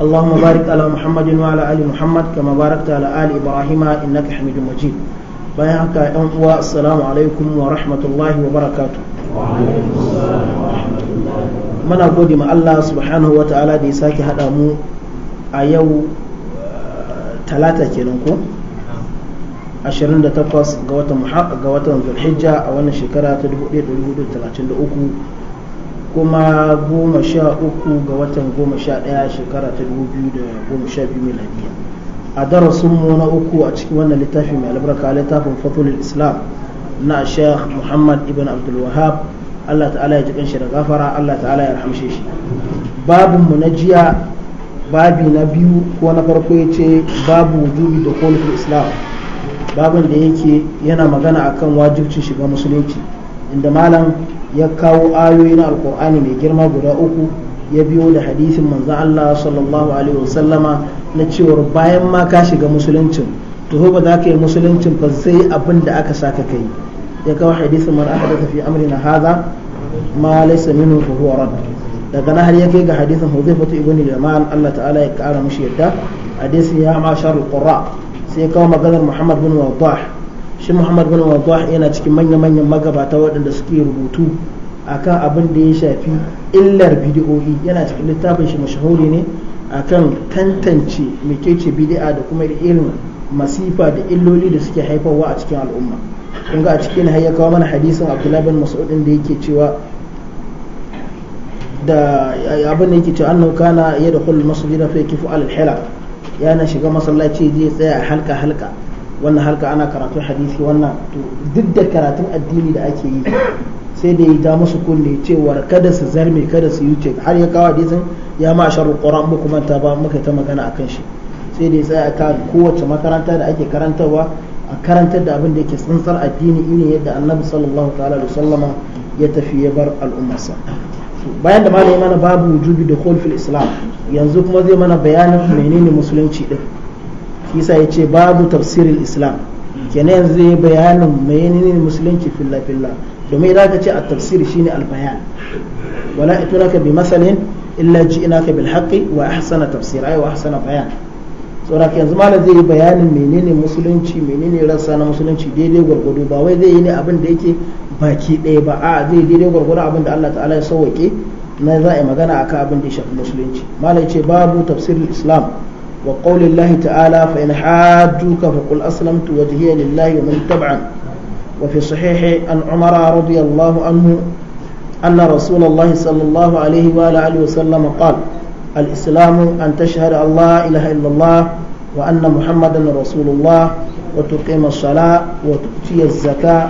اللهم بارك على محمد وعلى آل محمد كما باركت على آل إبراهيم إنك حميد مجيد bayan haka yan uwa assalamu alaikum wa rahmatullahi wa barakatu muna gode ma Allah subhanahu wa ta'ala da ya sake haɗa mu yau talata kenan ko 28 ga watan ga watan zulhijja a wannan shekara ta 1433 kuma goma sha uku ga watan goma sha ɗaya shekara ta dubu biyu da goma sha biyu miladiya a darasin mu na uku a cikin wannan littafi mai albarka littafin fatul islam na sheikh muhammad ibn abdul wahab allah ta'ala ya jikin shi da gafara allah ta'ala ya rahamshe shi babin mu na jiya babi na biyu ko na farko ya ce babu wujubi da kolifin islam babin da yake yana magana akan wajibcin shiga musulunci inda malam ya kawo ayoyi na alkur'ani mai girma guda uku ya biyo da hadisin manzo Allah sallallahu alaihi wasallama na cewar bayan ma ka shiga musuluncin to ba za ka yi musuluncin fa sai abin da aka saka kai ya kawo hadisin man ahdatha fi amrina hadha ma laysa minhu fa huwa rad daga nan har ya kai ga hadisin Huzaifatu ibn Yaman Allah ta'ala ya kara mushi yadda hadisin ya ma sharul qurra sai ya kawo maganar Muhammad bin Wadah shi muhammad bin wadda yana cikin manya-manyan magabata waɗanda suke rubutu akan abin da ya shafi illar bidi'o'i yana cikin littafin shi mashahuri ne akan tantance mai ce bidi'a da kuma irin masifa da illoli da suke haifarwa a cikin al'umma kun ga a cikin har ya kawo mana hadisin abdullahi bin mas'udin da yake cewa da abin da yake cewa annahu kana yadkhul kullum masu yakifu kifu hilal yana shiga masallaci zai tsaya halka halka wannan harka ana karatun hadisi wannan to duk da karatun addini da ake yi sai da ya ta musu kunne cewar kada su zarme kada su ce har ya kawo hadisin ya ma sharu qur'an muku manta ba muka ta magana akan shi sai da ya tsaya kan kowace makaranta da ake karantarwa a karantar da abin da yake tsantsar addini ne yadda annabi sallallahu ta'ala da sallama ya tafi ya bar al'ummarsa bayan da malami mana babu wujubi da fil islam yanzu kuma zai mana bayanin menene musulunci din shi ya ce babu tafsirin islam kenan yanzu zai bayanin mayanin musulunci filla filla domin idan ka ce a tafsir shine albayan wala ka bi masalin illa ji ina ka bil haƙi wa ahsana tafsira wa ahsana bayan ka yanzu malam zai yi bayanin menene musulunci menene rasa na musulunci daidai gwargwado ba wai zai yi ne abin da yake baki ɗaya ba a zai daidai gwargwado abin da Allah ta'ala ya sauwake na za a yi magana akan abin da ya shafi musulunci malam ya ce babu tafsirin islam وقول الله تعالى فإن حاجوك فقل أسلمت وجهي لله ومن تبعا وفي صحيح أن عمر رضي الله عنه أن رسول الله صلى الله عليه وآله وسلم قال الإسلام أن تشهد أن لا إله إلا الله وأن محمدا رسول الله وتقيم الصلاة وتؤتي الزكاة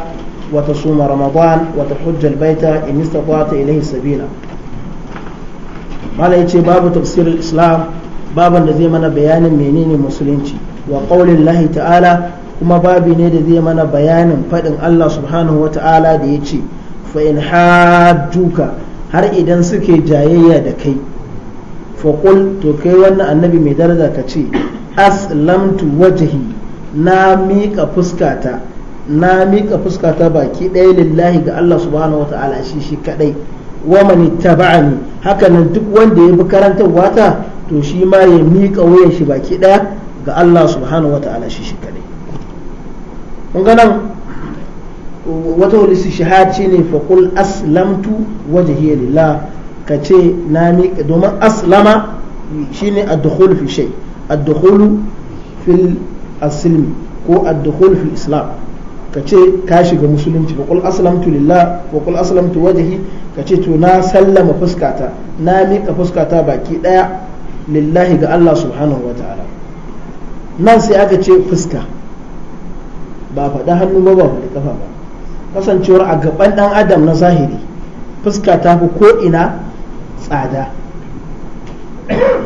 وتصوم رمضان وتحج البيت إن استطعت إليه سبيلا ما لا باب تفسير الإسلام baban da zai mana bayanin menene musulunci wa qaulin lahi ta'ala kuma babi ne da zai mana bayanin faɗin Allah subhanahu wa ta'ala da ya ce fa in hajjuka har idan suke jayayya da kai fa qul to kai wannan annabi mai daraja ka ce aslamtu wajhi na miƙa fuskata na miƙa fuskata baki ɗaya lillahi ga Allah subhanahu wa ta'ala shi shi kaɗai wa man ittaba'ani haka nan duk wanda ya bi karantarwa ta to shi ma ya miƙa wuyan shi baki ɗaya ga Allah subhanahu wa ta'ala shi shi kaɗai Mun ga nan wata wani su shahad shi ne faƙul aslamtu wajhiya lillah ka ce na miƙa domin aslama shi ne addukhul fi shay addukhul fil asilmi ko addukhul fil islam ka ce ka shiga musulunci fa qul aslamtu lillah wa qul aslamtu wajhi ka ce to na sallama fuskata na miƙa fuskata baki ɗaya. lillahi ga Allah subhanahu wa ta'ala nan sai aka ce fuska ba faɗi hannu ba ba faɗi ƙafa ba kasancewar a gaban ɗan adam na zahiri fuska ta fi ko'ina tsada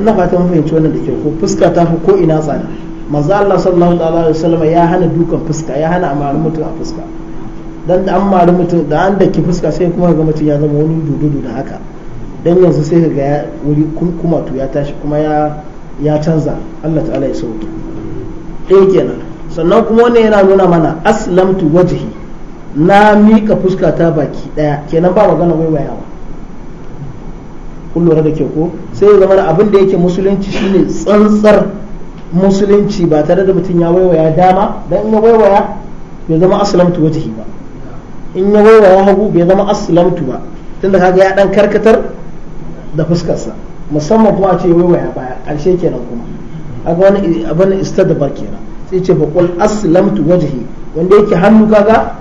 na fata mun fahimci wannan da kyau ko fuska ta fi ko'ina tsada maza Allah sallallahu alaihi wasallam ya hana dukan fuska ya hana amarin mutum a fuska dan da an mutum da an daki fuska sai kuma ga mutum ya zama wani dudu da haka dan yanzu sai ga ya wuri to ya tashi kuma ya canza Allah ta'ala ya sauke ɗaya kenan sannan kuma wannan yana nuna mana aslamtu wajhi na mika fuska ta baki daya kenan ba magana waiwayawa kun lura da ke ko sai ya mana abin da yake musulunci shine tsantsar musulunci ba tare da mutum ya waiwaya dama dan in ya waiwaya bai zama aslamtu wajhi ba in ya waiwaya hagu bai zama aslamtu ba tunda kaga ya dan karkatar da fuskarsa musamman kuma ce wai-wa'i waiwaya baya karshe kenan kuma aga wani abin istadbar kenan sai ce bakul aslamtu wajhi wanda yake hannu kaga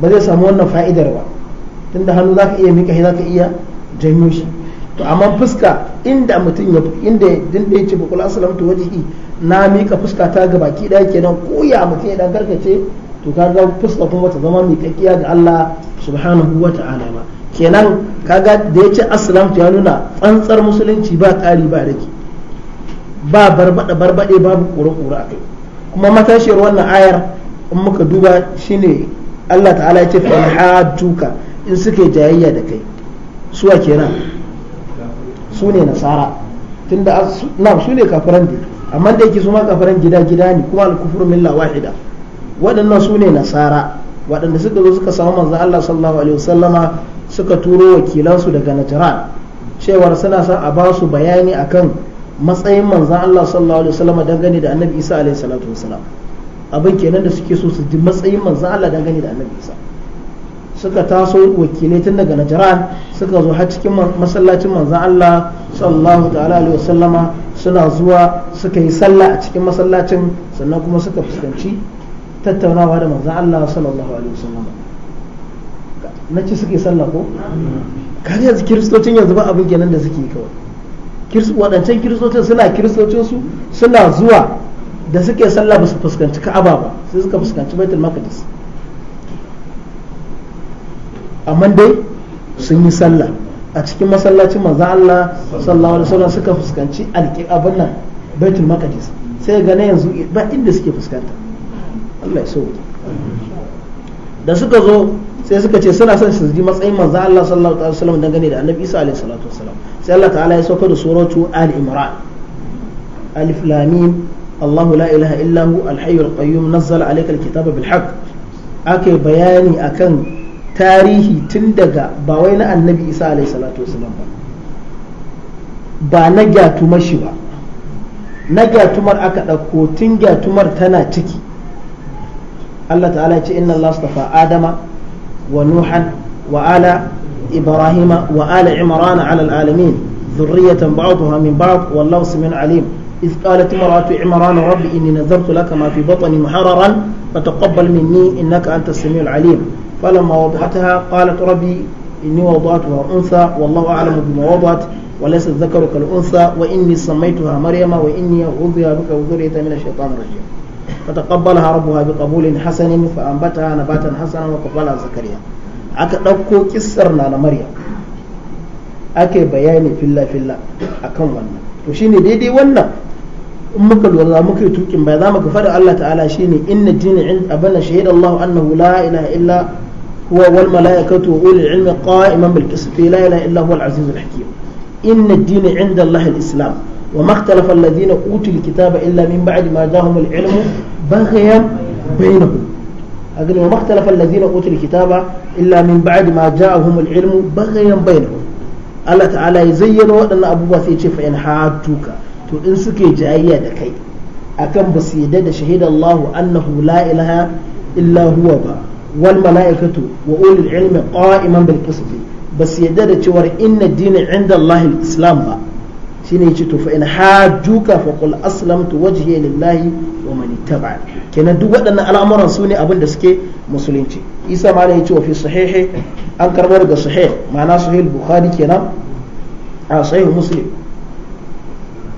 ba zai samu wannan fa'idar ba tunda hannu zaka iya mika shi zaka iya janyo shi to amma fuska inda mutum ya inda dinda yace bakul aslamtu wajhi na mika fuska ta ga baki daya kenan ko ya mutum ya dan karkace to kaga fuska kuma ta zama kiya ga Allah subhanahu wata'ala ba kenan kaga da ya ce aslam ya nuna tsantsar musulunci ba ƙari ba rage ba barbaɗe-barbaɗe babu ƙura-ƙura a kai kuma matashiyar wannan ayar in muka duba shine Allah ta'ala ya ce duka in suke jayayya da kai suwa kenan su ne nasara tunda na su ne kafiran da amma da yake su ma kafiran gida gida ne kuma al-kufru milla wahida waɗannan su ne nasara waɗanda suka zo suka samu manzon Allah sallallahu alaihi wasallama suka turo wakilansu daga najran cewar suna sa a ba su bayani akan matsayin manzan Allah sallallahu alaihi wasallam dangane da annabi Isa alaihi salatu wasalam abin kenan da suke so su ji matsayin manzan Allah dangane da annabi Isa suka taso wakilai tun daga najran suka zo har cikin masallacin manzan Allah sallallahu ta'ala alaihi wasallama suna zuwa suka yi sallah a cikin masallacin sannan kuma suka fuskanci tattaunawa da manzan Allah sallallahu alaihi wasallama na ci suke sallah ko kaga yanzu kiristocin yanzu ba abin kenan da suke kawai waɗancan kiristocin suna kiristocin su suna zuwa da suke sallah ba su fuskanci ka'aba ba sai suka fuskanci baitul maqdis amma dai sun yi sallah a cikin masallacin manzo Allah sallallahu alaihi wasallam suka fuskanci alƙibabin nan baitul maqdis sai ga na yanzu ba inda suke fuskanta Allah ya so da suka zo sai suka ce suna son su ji matsayin manzo Allah sallallahu alaihi wasallam dangane da annabi Isa alaihi salatu wasallam sai Allah ta'ala ya sauka da suratu Ali Imran alif lam mim الله لا إله إلا هو الحي القيوم نزل عليك الكتاب بالحق أكي بياني أكن تاريخي تندقى باوين النبي إساء عليه الصلاة والسلام ba na gyatumashi ba na gyatumar aka ɗauko tun gyatumar tana ciki Allah ta'ala ce inna Allah Adama ونوحا وآل إبراهيم وآل عمران على العالمين ذرية بعضها من بعض والله سميع عليم إذ قالت امرأة عمران ربي إني نذرت لك ما في بطني محررا فتقبل مني إنك أنت السميع العليم فلما وضعتها قالت ربي إني وضعتها أنثى والله أعلم بما وضعت وليس الذكر كالأنثى وإني سميتها مريم وإني أعوذ بك وذريتها من الشيطان الرجيم فتقبلها ربها بقبول حسن فأنبتها نباتا حسنا وقبلها زكريا aka dauko kissar na na Maryam ake bayani filla filla akan wannan to shine daidai wannan in muka lura muka yi tukin bai za mu kafa da Allah ta'ala shine inna dina inda abana shahida Allah annahu la ilaha illa huwa wal malaikatu wa ulul ilmi qa'iman bil qist la ilaha illa huwa al aziz al hakim inna dina inda Allah al islam وما اختلف الذين أوتوا الكتاب إلا من بعد ما جاءهم العلم بغيا بينهم أقول وما اختلف الذين أوتوا الكتاب إلا من بعد ما جاءهم العلم بغيا بينهم الله تعالى يزين to in suke jayayya da kai akan ba su yadda da shahida Allah annahu la ilaha illa huwa ba mala'ikatu wa ulul ilmi qa'iman bil qist ba yadda da cewa inna dina inda islam ba shine yace to fa in hajjuka fa qul aslamtu wajhiya lillahi wa man ittaba'a kenan duk waɗannan al'amuran su ne abin da suke musulunci isa malam yace wa fi sahihi an karbo daga sahih ma'ana sahih bukhari kenan a sahih muslim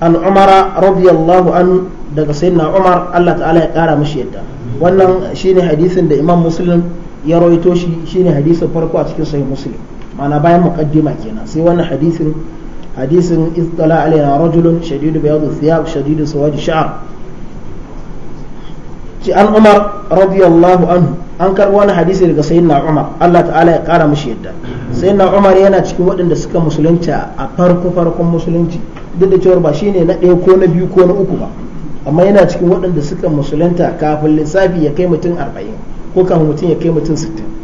an umara radiyallahu an daga sayyidina umar Allah ta'ala ya kara mashi yadda wannan shine hadisin da imam muslim ya rawaito shi shine hadisin farko a cikin sahih muslim ma'ana bayan muqaddima kenan sai wannan hadisin hadisin istala alaina rajulun shadidu bayadu thiyab shadidu sawadi sha'r ci an umar radiyallahu anhu an karbo wani hadisi daga sayyidina umar Allah ta'ala ya kara mishi yadda sayyidina umar yana cikin waɗanda suka musulunta a farko farkon musulunci duk da cewa ba shine na ɗaya ko na biyu ko na uku ba amma yana cikin waɗanda suka musulunta kafin lissafi ya kai mutum arba'in ko kafin mutum ya kai mutum sittin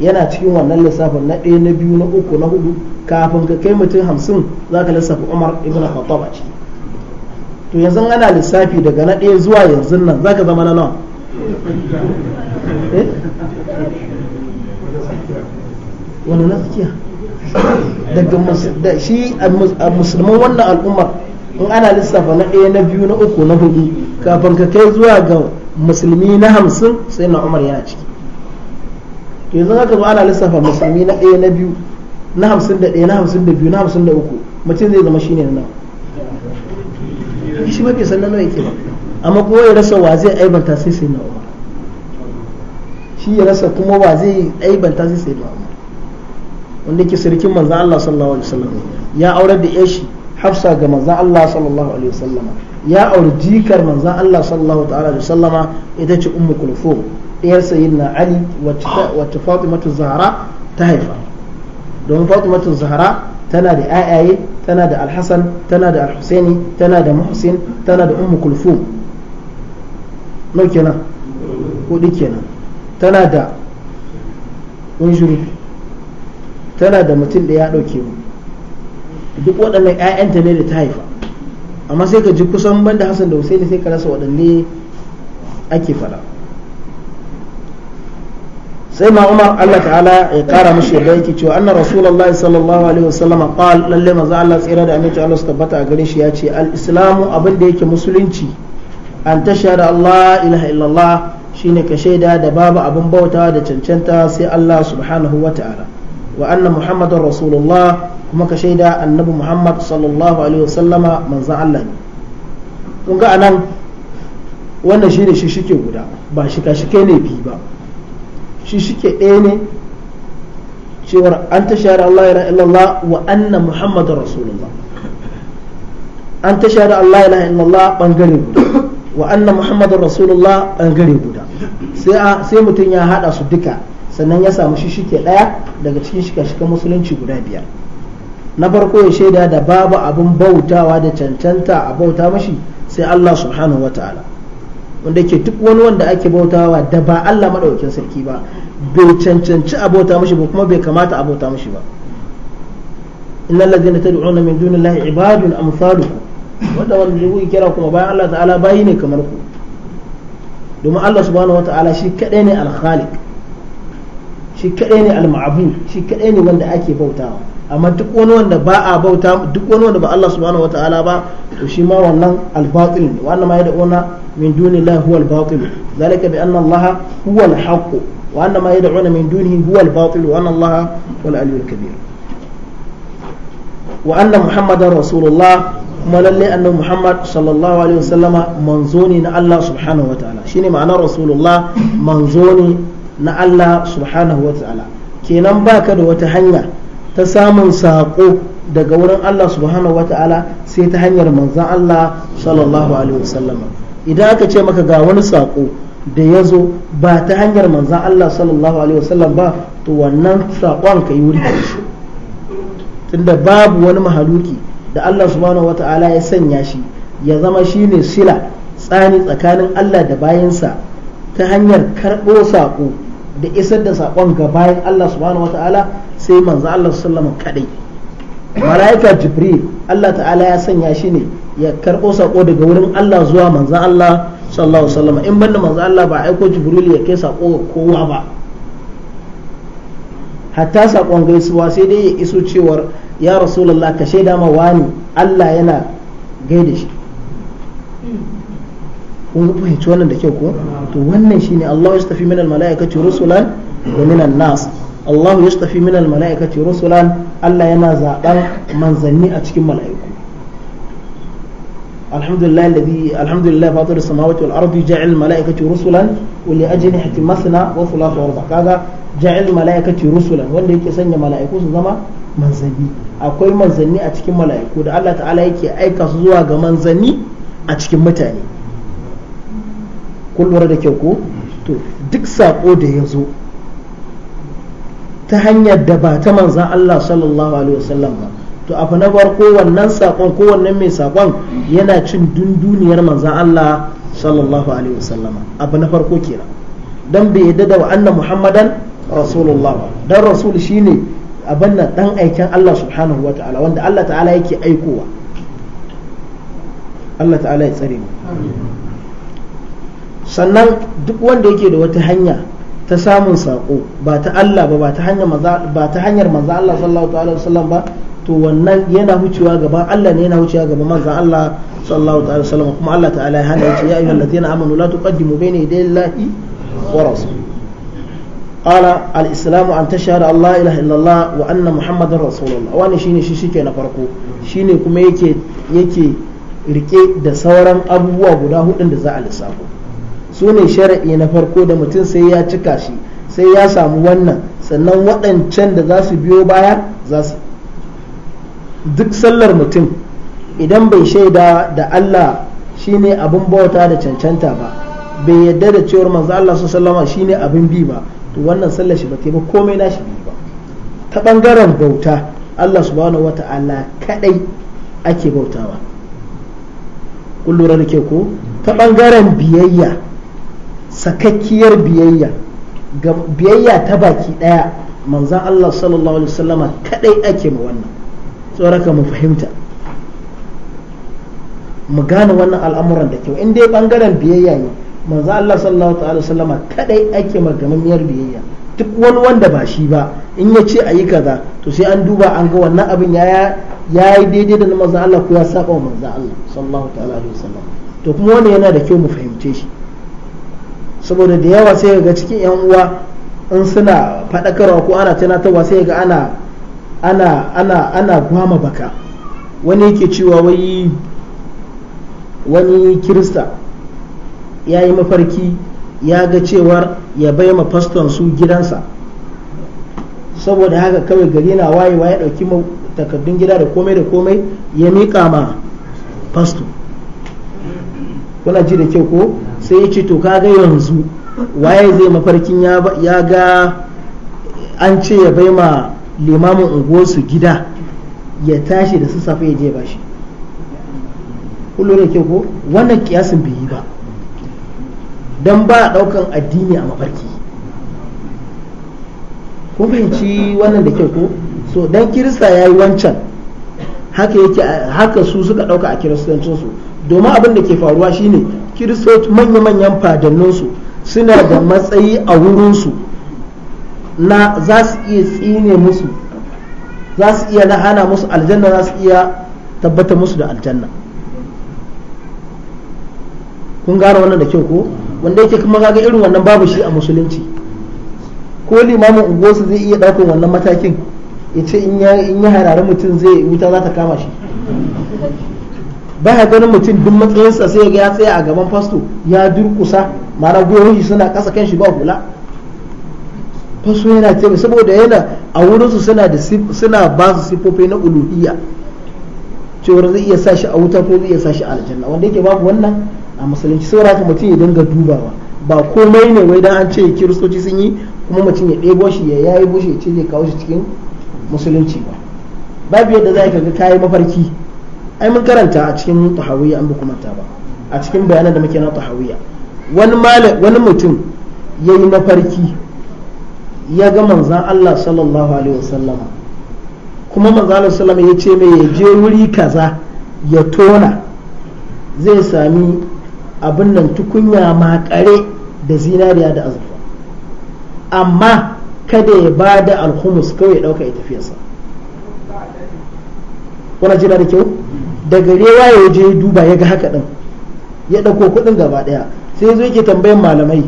yana cikin wannan lissafin na ɗaya na biyu na uku na hudu kafin ka kai mutum hamsin za ka lissafi umar ibn khattab a ciki to yanzu ana lissafi daga na ɗaya zuwa yanzu nan za ka zama na nawa eh? wani na tsakiya daga shi a musulman wannan al'ummar in ana lissafa na ɗaya na biyu na uku na hudu kafin ka kai zuwa ga musulmi na hamsin sai na umar yana ciki to yanzu haka zo ana lissafa musulmi na ɗaya na biyu na hamsin da ɗaya na hamsin da biyu na hamsin da uku mutum zai zama shine na shi mafi sannan nawa yake ba amma kuma ya rasa wa zai aibanta sai sai na umar shi ya rasa kuma wa zai aibanta sai sai na umar wanda ke sirkin manzan Allah sallallahu alaihi wasallam ya aurar da yashi hafsa ga manzan Allah sallallahu alaihi wasallam ya aure jikar manzan Allah sallallahu ta'ala alaihi Sallama ita ce ummu kulfum ɗiyar na ali wacce ah. fatimatu zahara ta haifa domin fatimatu zahara tana da ayaye tana da alhassan tana da alhussaini tana da muhsin tana da ummu kulfu nau kenan hudu kenan tana da unjuri tana da mutum da ya ɗauke mu duk waɗannan 'ya'yanta ne da ta haifa amma sai ka ji kusan banda hassan da husaini sai ka rasa waɗanne ake faɗa sai ma umar allah ta'ala ya kara mashi yadda yake cewa anna rasulullahi sallallahu alaihi wasallam qal lalle maza allah tsira da aminci allah tabbata a gare shi ya ce al islamu abin da yake musulunci an tashhadu allah ilaha illallah shine ka shaida da babu abin bautawa da cancanta sai allah subhanahu wa ta'ala wa anna muhammadar rasulullah kuma ka shaida annabi muhammad sallallahu alaihi wasallama manzan allah ne kun ga anan wannan shine shi shike guda ba shika shike ne bi ba shi shike ɗaya ne cewar an ta shahada Allah ya illallah wa anna Muhammadu Rasulullah an ta shahada Allah ya illallah ɓangare guda wa anna Muhammadu Rasulullah ɓangare guda sai mutum ya haɗa su duka sannan ya samu shi shike ɗaya daga cikin shika-shikan musulunci guda biyar na farko ya shaida da babu abin bautawa da cancanta a bauta mashi sai Allah subhanahu wa ta'ala wanda yake duk wani wanda ake bautawa da ba Allah madaukakin sarki ba bai cancanci a bauta mishi ba kuma bai kamata a bauta mishi ba inna allazina tad'una min dunillahi ibadun amsaluku wanda wanda kuke kira kuma bayan Allah ta'ala bayi ne kamar ku domin Allah subhanahu wata'ala shi kadai ne al-khaliq shi kadai ne al-ma'bud shi kadai ne wanda ake bautawa amma duk wani wanda ba a bauta duk wani wanda ba Allah subhanahu wataala ba to shi ma wannan al-batil ne wannan ma yad'una min dunillahi huwa al-batil zalika bi anna Allah huwa al-haqq wa anna ma yad'una min dunihi huwa al-batil wa anna Allah huwa al-aliyyul kabir wa anna muhammadar rasulullah kuma lalle annabi muhammad sallallahu alaihi wasallama manzo ne na Allah subhanahu wataala shine ma'anar rasulullah manzoni na Allah subhanahu wataala kenan baka da wata hanya ta samun saƙo daga wurin Allah subhanahu wa ta'ala sai ta hanyar manzan Allah sallallahu alaihi wasallama idan aka ce maka ga wani saƙo da ya zo ba ta hanyar manzan Allah sallallahu alaihi wasallam ba to wannan saƙon ka yi wuri tunda babu wani mahaluki da Allah subhanahu wa ta'ala ya sanya shi ya zama shi ne sila tsani tsakanin Allah da bayansa ta hanyar karɓo saƙo da isar da saƙon ga bayan Allah subhanahu wa ta'ala sai manzo Allah sallama kadai malaika jibril Allah ta'ala ya sanya shi ne ya karɓo sako daga wurin Allah zuwa manzo Allah sallallahu alaihi in banda manzo Allah ba aiko jibril ya kai sako ga kowa ba hatta sakon gaisuwa sai dai ya iso cewar ya rasulullah ka shaida ma wani Allah yana gaida shi kun fahimci wannan da kyau ko to wannan shine Allah ya tafi min al-mala'ikati rusulan wa min an-nas allahu ya tafi min almala'ikati rusulan Allah yana zaɓar manzanni a cikin mala'iku alhamdulillah alladhi alhamdulillah fatir as-samawati wal ardi ja'al mala'ikati rusulan wa li ajnihati masna wa thulatha wa ruba kaga ja'al mala'ikati rusulan wanda yake sanya mala'iku su zama manzanni akwai manzanni a cikin mala'iku da Allah ta'ala yake aika su zuwa ga manzani a cikin mutane kun da kyau ko to duk sako da ya zo ta hanyar da ba ta manzan Allah sallallahu alaihi wasallam ba to abu na farko wannan sakon ko wannan mai sakon yana cin dunduniyar manzan Allah sallallahu alaihi wasallam abu na farko kenan dan bai yadda da anna muhammadan rasulullah ba dan rasul shine abin nan dan aikin Allah subhanahu wa ta'ala wanda Allah ta'ala yake aikowa Allah ta'ala ya tsare mu sannan duk wanda yake da wata hanya ta samun sako ba ta Allah ba ba ta hanyar maza Allah sallallahu ta'ala wasallam ba to wannan yana wucewa gaba Allah ne yana wucewa gaba manzan Allah sallallahu ta'ala wasallam kuma Allah ta'ala ya hana ya ayyuhal ladina amanu la tuqaddimu bayna yaday Allahi wa rasul qala al islam an tashhadu an la ilaha illa Allah wa anna muhammadar rasulullah wani shine shi shike na farko shine kuma yake yake rike da sauran abubuwa guda hudun da za a lissafo su ne shara'i na farko da mutum sai ya cika shi sai ya samu wannan sannan waɗancan da za su biyo baya za su duk sallar mutum idan bai shaida da Allah shine abin bauta da cancanta ba bai yadda da cewar manzo Allah su sallama shine abin bi ba to wannan sallar shi ba ta ba komai na shi ba ta ɓangaren bauta Allah subhanahu allah kadai ake bautawa kun lura da ke ko ta ɓangaren biyayya sakakkiyar biyayya ga biyayya ta baki daya manzan Allah sallallahu alaihi wasallama kadai ake ma wannan tsoraka mu fahimta mu gane wannan al'amuran da kyau in dai bangaren biyayya ne manzan Allah sallallahu alaihi wasallama kadai ake ma gamammiyar biyayya duk wani wanda ba shi ba in ya ce a yi kaza to sai an duba an ga wannan abin ya yi daidai da na manzan Allah ko ya saba wa manzan Allah sallallahu alaihi wasallam to kuma wannan yana da kyau mu fahimce shi saboda da yawa sai ga cikin yan uwa in suna faɗakarwa ko ana tunatarwa sai ga ana ana ana ana gwama baka wani yake cewa wai wani kirista ya yi mafarki ya ga cewar ya bai ma faston su gidansa saboda haka kawai gari na wayewa ya ɗauki takardun gida da komai da komai ya miƙa ma fasto kuna ji da kyau ko sai ya ce to kaga yanzu waye zai mafarkin ya ga an ce ya bai ma limamin unguwarsu gida ya tashi da sassafe ya je ba shi kullum da ke ko wannan kiyasin bai yi ba don ba a daukan addini a mafarki ko fahimci wannan da ke ko so dan kirista ya yi wancan haka su suka dauka a kiristancinsu domin abin da ke faruwa shine kiristoci manya-manyan fadanninsu suna da matsayi a wurinsu na za su iya tsine musu za su iya hana musu aljanna za su iya tabbata musu da aljanna kun gane wannan da kyau ko wanda yake kuma kaga irin wannan babu shi a musulunci ko limamin unguwarsu zai iya ɗaukar wannan matakin ya ce in ya hararin mutum zai wuta za ta kama shi ba ya ganin mutum duk matsayinsa sai ya tsaya a gaban fasto ya durkusa mara goyoyi suna kasa kan shi ba hula fasto yana taimaka saboda yana a wurinsu suna da suna ba su sifofi na uluhiyya cewar zai iya sa shi a wuta ko zai iya sa shi a aljanna wanda yake babu wannan a musulunci saboda haka mutum ya dinga dubawa ba komai ne wai dan an ce kiristoci sun yi kuma mutum ya ɗebo shi ya yayi bushe ce zai kawo shi cikin musulunci ba babu yadda za ka ga kayi mafarki ai mun karanta a cikin tahawiyya an kuma ta ba a cikin bayanan da muke na tahawiyya wani malam wani mutum yayi mafarki ya ga manzon Allah sallallahu alaihi wasallama kuma manzon Allah wasallam ya ce mai ya je wuri kaza ya tona zai sami abin nan tukunya ma kare da zinariya da azurfa amma kada ya ba da alhumus kawai ya ɗauka ya tafiyarsa kuna jina da kyau da gare waye waje ya duba ya ga haka din ya ɗauko kuɗin gaba ɗaya sai zo yake tambayan malamai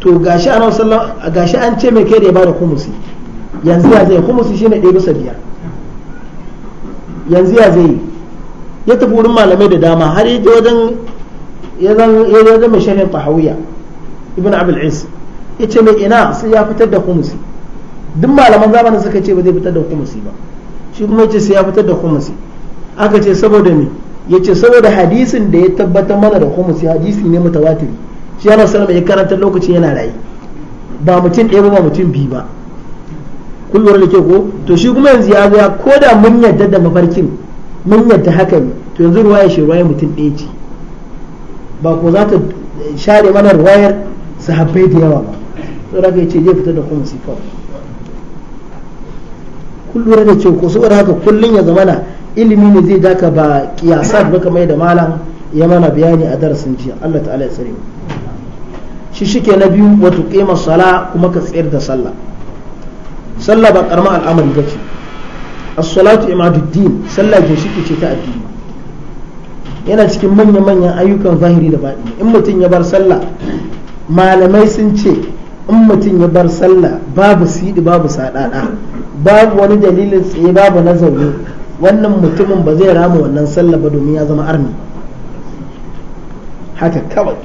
to gashi an gashi an ce mai kai da ya bada kumusi yanzu ya zai kumusi shine ɗaya bisa biyar yanzu ya zai ya tafi wurin malamai da dama har yaje wajen ya zan ya zan mai sharhin fahawiya ibn abul is yace mai ina sai ya fitar da kumusi duk malaman zamanin suka ce ba zai fitar da kumusi ba shi kuma yace sai ya fitar da kumusi aka ce saboda me yace saboda hadisin da ya tabbata mana da kuma hadisi ne mutawatir shi yana sallama ya karanta lokacin yana rayu ba mutum ɗaya ba ba mutum biyu ba kun lura da ke ko to shi kuma yanzu ya ga ko da mun yadda da mafarkin mun yadda haka ne to yanzu ruwaya shi ruwaya mutum ɗaya ce ba ko za ta share mana ruwayar sahabbai da yawa ba saboda ya yace zai fita da kuma kawai kun lura da ke ko saboda haka kullun ya zamana ilimi ne zai daka ba kiyasar ba kamar da malam ya mana bayani a darasin jiya Allah ta'ala ya tsare shi shike na biyu wato kima sala kuma ka tsayar da sallah sallah ba karma al'amari ba ce. as-salatu imaduddin sallah ke shi ce ta addini yana cikin manya manyan ayyukan zahiri da baɗi in mutum ya bar sallah malamai sun ce in mutum ya bar sallah babu siɗi babu saɗaɗa babu wani dalilin tsaye babu na zaune wannan mutumin ba zai rama wannan sallah ba domin ya zama armi haka kawai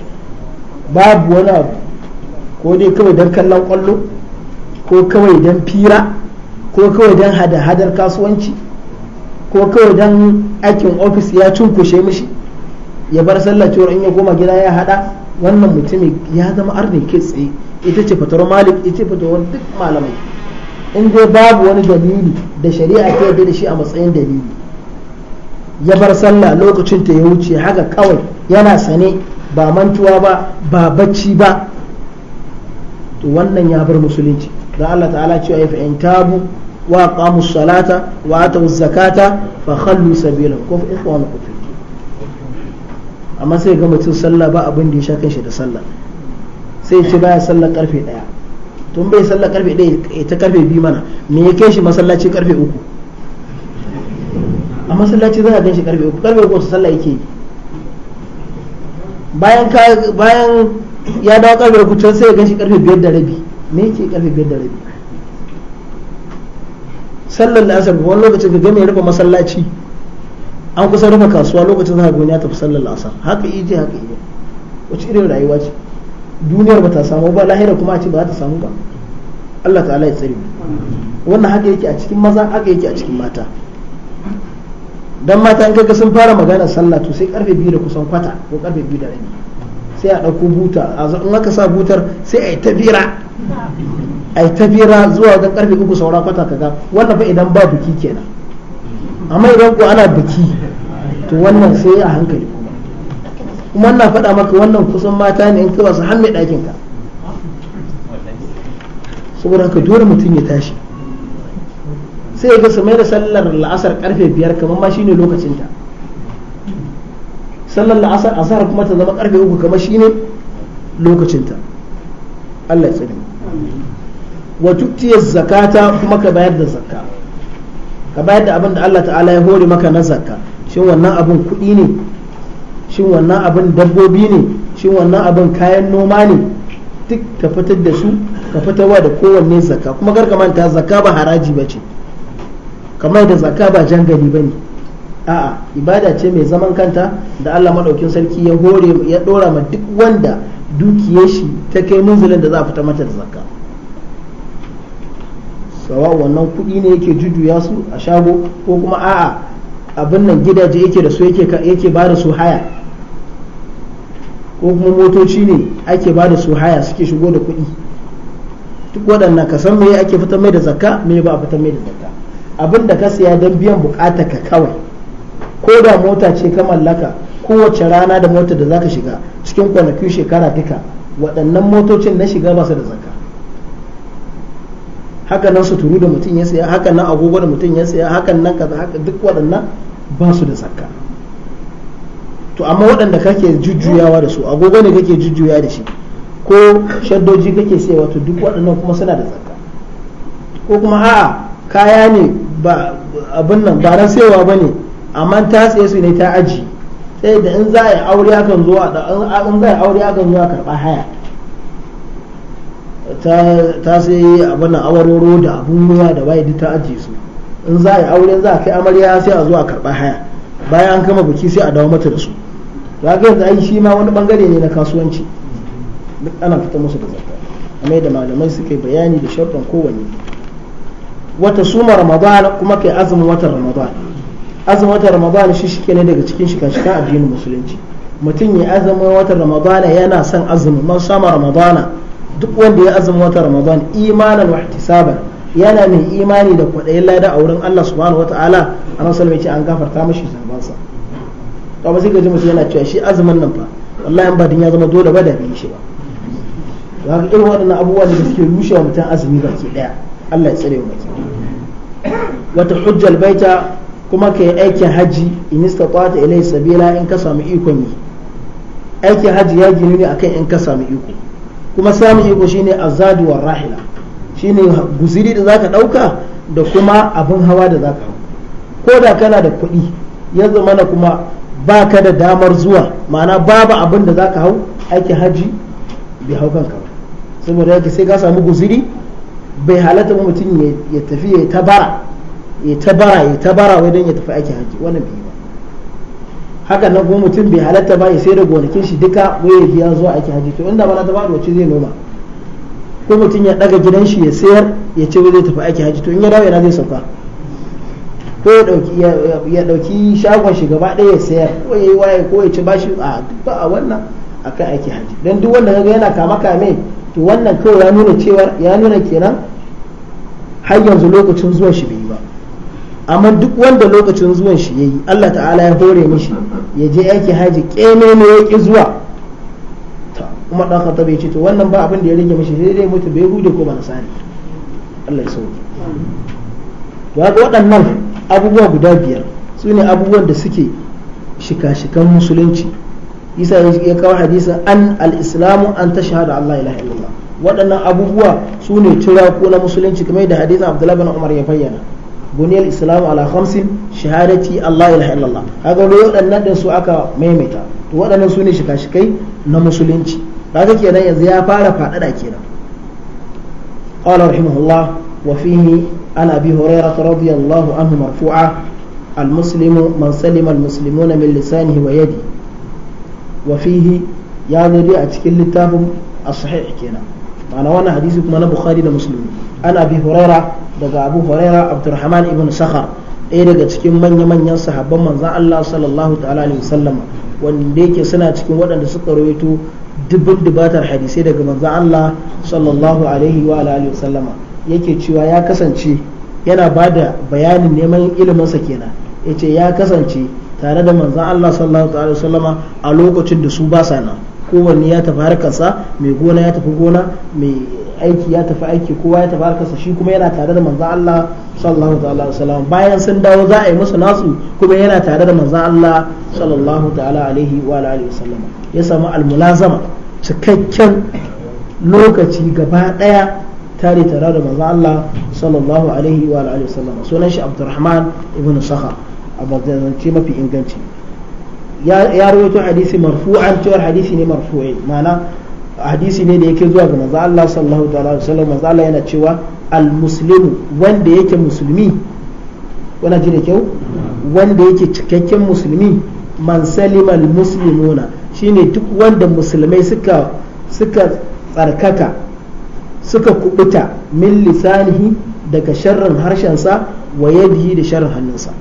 babu wani abu ko dai kawai don kallon kwallo ko kawai don fira ko kawai don hada-hadar kasuwanci ko kawai don aikin ofis ya cunkushe mishi ya bar sallah cewar in ya goma gida ya hada wannan mutumin ya zama arni kai tsaye ita ce malik ita ce fatawar duk malamai in dai babu wani dalili da shari'a ta yarda da shi a matsayin dalili ya bar sallah lokacin ta ya wuce haka kawai yana sane ba mantuwa ba ba bacci ba to wannan ya bar musulunci da Allah ta'ala cewa ya fa'in tabu wa qamu salata wa atu zakata fa khallu sabila ko fa ikhwanu ku amma sai ga mutum sallah ba abin da ya sha shi da sallah sai ya ce baya sallah karfe daya tun bai sallah karfe ɗaya ta karfe biyu mana me ya kai shi masallaci karfe uku a masallaci za a gan shi karfe uku karfe uku wata sallah yake yi bayan bayan ya dawo karfe uku can sai ya gan shi karfe biyar da rabi me yake karfe biyar da rabi sallar la'asar wani lokacin ka game rufe masallaci an kusa rufe kasuwa lokacin za ka gani ya tafi sallar la'asar haka ce haka ije wace irin rayuwa ce duniyar ba ta samu ba lahira kuma a ce ba za ta samu ba Allah ta'ala ya tsare wannan haka yake a cikin maza haka yake a cikin mata dan mata in kaga sun fara magana sallah to sai karfe biyu da kusan kwata ko karfe biyu da rabi sai a ɗauko buta in aka sa butar sai a yi tafira a yi tafira zuwa wajen karfe uku saura kwata kaga wannan fa idan ba biki kenan amma idan ko ana biki to wannan sai a hankali kuma kuma na faɗa maka wannan kusan mata ne in ka ba su hannu ɗakin ka saboda haka dole mutum ya tashi sai ya gasa mai da sallar la'asar karfe biyar kamar ma shine lokacinta sallar la'asar asar kuma ta zama karfe uku kamar shine lokacinta Allah ya tsare wa tuktiyar zakata kuma ka bayar da zakka ka bayar da abin da Allah ta'ala ya hore maka na zakka shin wannan abin kuɗi ne shin wannan abin dabbobi ne shin wannan abin kayan noma ne duk ka fitar da su ka fitarwa da kowanne zaka kuma kar ka manta zaka ba haraji ba ce kamar da zakka ba jangali ba ne a'a ibada ce mai zaman kanta da Allah madaukin sarki ya hore ya dora ma duk wanda dukiyar shi ta kai munzulin da za a fita mata da zaka. sawa wannan kuɗi ne yake jujuya su a shago ko kuma a'a abin nan gidaje yake da su yake ba da su haya ko kuma motoci ne ake ba da su haya suke shigo da kuɗi duk waɗannan ka san me ake fitar mai da zakka me ba a fitar mai da zakka abin da ka siya don biyan bukata ka kawai ko da mota ce ka mallaka kowace rana da motar da zaka shiga cikin kwanaki shekara duka waɗannan motocin na shiga ba su da zakka haka nan suturu da mutum ya siya haka nan agogo da mutum ya siya haka nan kaza haka duk waɗannan ba su da zakka to amma waɗanda kake jujjuyawa da su agogo ne kake jujjuya da shi ko shaddoji kake sai wato duk waɗannan kuma suna da tsaka ko kuma a'a kaya ne ba abin nan ba na saiwa ba ne amma ta tsaye su ne ta aji sai da in za a yi aure akan zo a in za a yi aure akan zo a karɓa haya ta sai abin nan awaroro da abun ruwa da bai duk ta aji su in za a yi aure za a kai amarya sai a zo a karɓa haya bayan an kama biki sai a dawo mata da su za ka yanzu ai shi ma wani bangare ne na kasuwanci duk ana fita musu da zakka amma da malamai suka bayani da sharɗin kowanne wata suma ramadan kuma kai azumin watan ramadan azumin watan ramadan shi shike ne daga cikin shika-shikan addinin musulunci mutum ya azumin watan ramadana yana son azumin man sama ramadana duk wanda ya azumin watan ramadan imanan wa ihtisaban yana mai imani da kwaɗayin lada a wurin Allah subhanahu wa ta'ala a nan mai ce an gafarta mashi zamansa to ba sai ga mutum yana cewa shi azumin nan fa wallahi in ba din ya zama dole ba da bi shi ba ga irin waɗannan abubuwa da suke rushe wa mutum azumi baki daya Allah ya tsare mu baki wata hujjal baita kuma ka yi aikin haji in istata ilai sabila in ka samu ikon yi aikin haji ya gini ne akan in ka samu iko kuma samun iko shine azadu rahila shine guziri da zaka ɗauka da kuma abin hawa da zaka ko da kana da kuɗi ya zama na kuma baka da damar zuwa ma'ana babu abin da zaka hau aikin haji bai hau kanka saboda yake sai ka samu guziri bai halatta ba mutum ya tafi ya tabara ya tabara ya tabara wai don ya tafi aiki haji wannan bai ba haka nan kuma mutum bai halatta ba ya sai da gonakin shi duka wai ya biya zuwa aiki haji to inda ba na tabara wacce zai noma ko mutum ya daga gidan shi ya sayar ya ce zai tafi aiki haji to in ya dawo yana zai sauka ko ya dauki shagon shi gaba ɗaya ya sayar ko ya yi waye ko ya ci bashi a ba a wannan akan aiki haji dan duk wanda ga yana kama kame to wannan kawai ya nuna cewar ya nuna kenan har yanzu lokacin zuwan shi bai yi ba amma duk wanda lokacin zuwan shi yayi Allah ta'ala ya hore mishi ya je aiki haji kene ne ya ki zuwa kuma dan khattab ya ce to wannan ba abin da ya rage mishi sai dai mutu bai hude ko ba nasari Allah ya sauke to haka waɗannan abubuwa guda biyar su ne abubuwan da suke shika-shikan musulunci isa ya kawo hadisin an al-islamu an shahada Allah ilaha illallah waɗannan abubuwa su ne ko na musulunci kamar da hadisin Abdullahi bin Umar ya bayyana buniyar islamu ala khamsin shahadati Allah ilaha illallah haka ne waɗannan din su aka maimaita to waɗannan su ne na musulunci haka kenan yanzu ya fara faɗaɗa kenan qala rahimahullah wa fihi an abi hurairah radiyallahu anhu marfu'a المسلم من سلم المسلمون من لسانه ويده wafihi ya zo dai a cikin littafin as-sahih kenan ma'ana wannan hadisi kuma na bukhari da muslim an abi huraira daga abu huraira abdurrahman ibn ɗaya daga cikin manya-manyan sahabban manzan Allah sallallahu ta'ala alaihi wasallama wanda yake suna cikin waɗanda suka rawaito dubin dubatar hadisai daga manzan Allah sallallahu alaihi wa alihi wasallama yake cewa ya kasance yana ba da bayanin neman iliminsa kenan yace ya kasance tare da manzan Allah sallallahu alaihi wasallama a lokacin da su ba sa nan kowanne ya tafi harkarsa mai gona ya tafi gona mai aiki ya tafi aiki kowa ya tafi harkarsa shi kuma yana tare da manzan Allah sallallahu alaihi wasallama bayan sun dawo za a yi musu nasu kuma yana tare da manzan Allah sallallahu alaihi wa alihi wasallama ya samu almulazama cikakken lokaci gaba daya tare tare da manzan Allah sallallahu alaihi wa alihi wasallama sunan shi Abdurrahman ibn Sakhar a bazance mafi inganci ya rawaito hadisi marfu an cewar hadisi ne marfu'i mana hadisi ne da yake zuwa ga manzo Allah sallallahu ta'ala alaihi wasallam manzo Allah yana cewa al muslimu wanda yake musulmi wannan ji da kyau wanda yake cikakken musulmi man salima al muslimuna shine duk wanda musulmai suka suka tsarkaka suka kubuta min lisanihi daga sharrin harshensa wa yadihi da sharrin hannunsa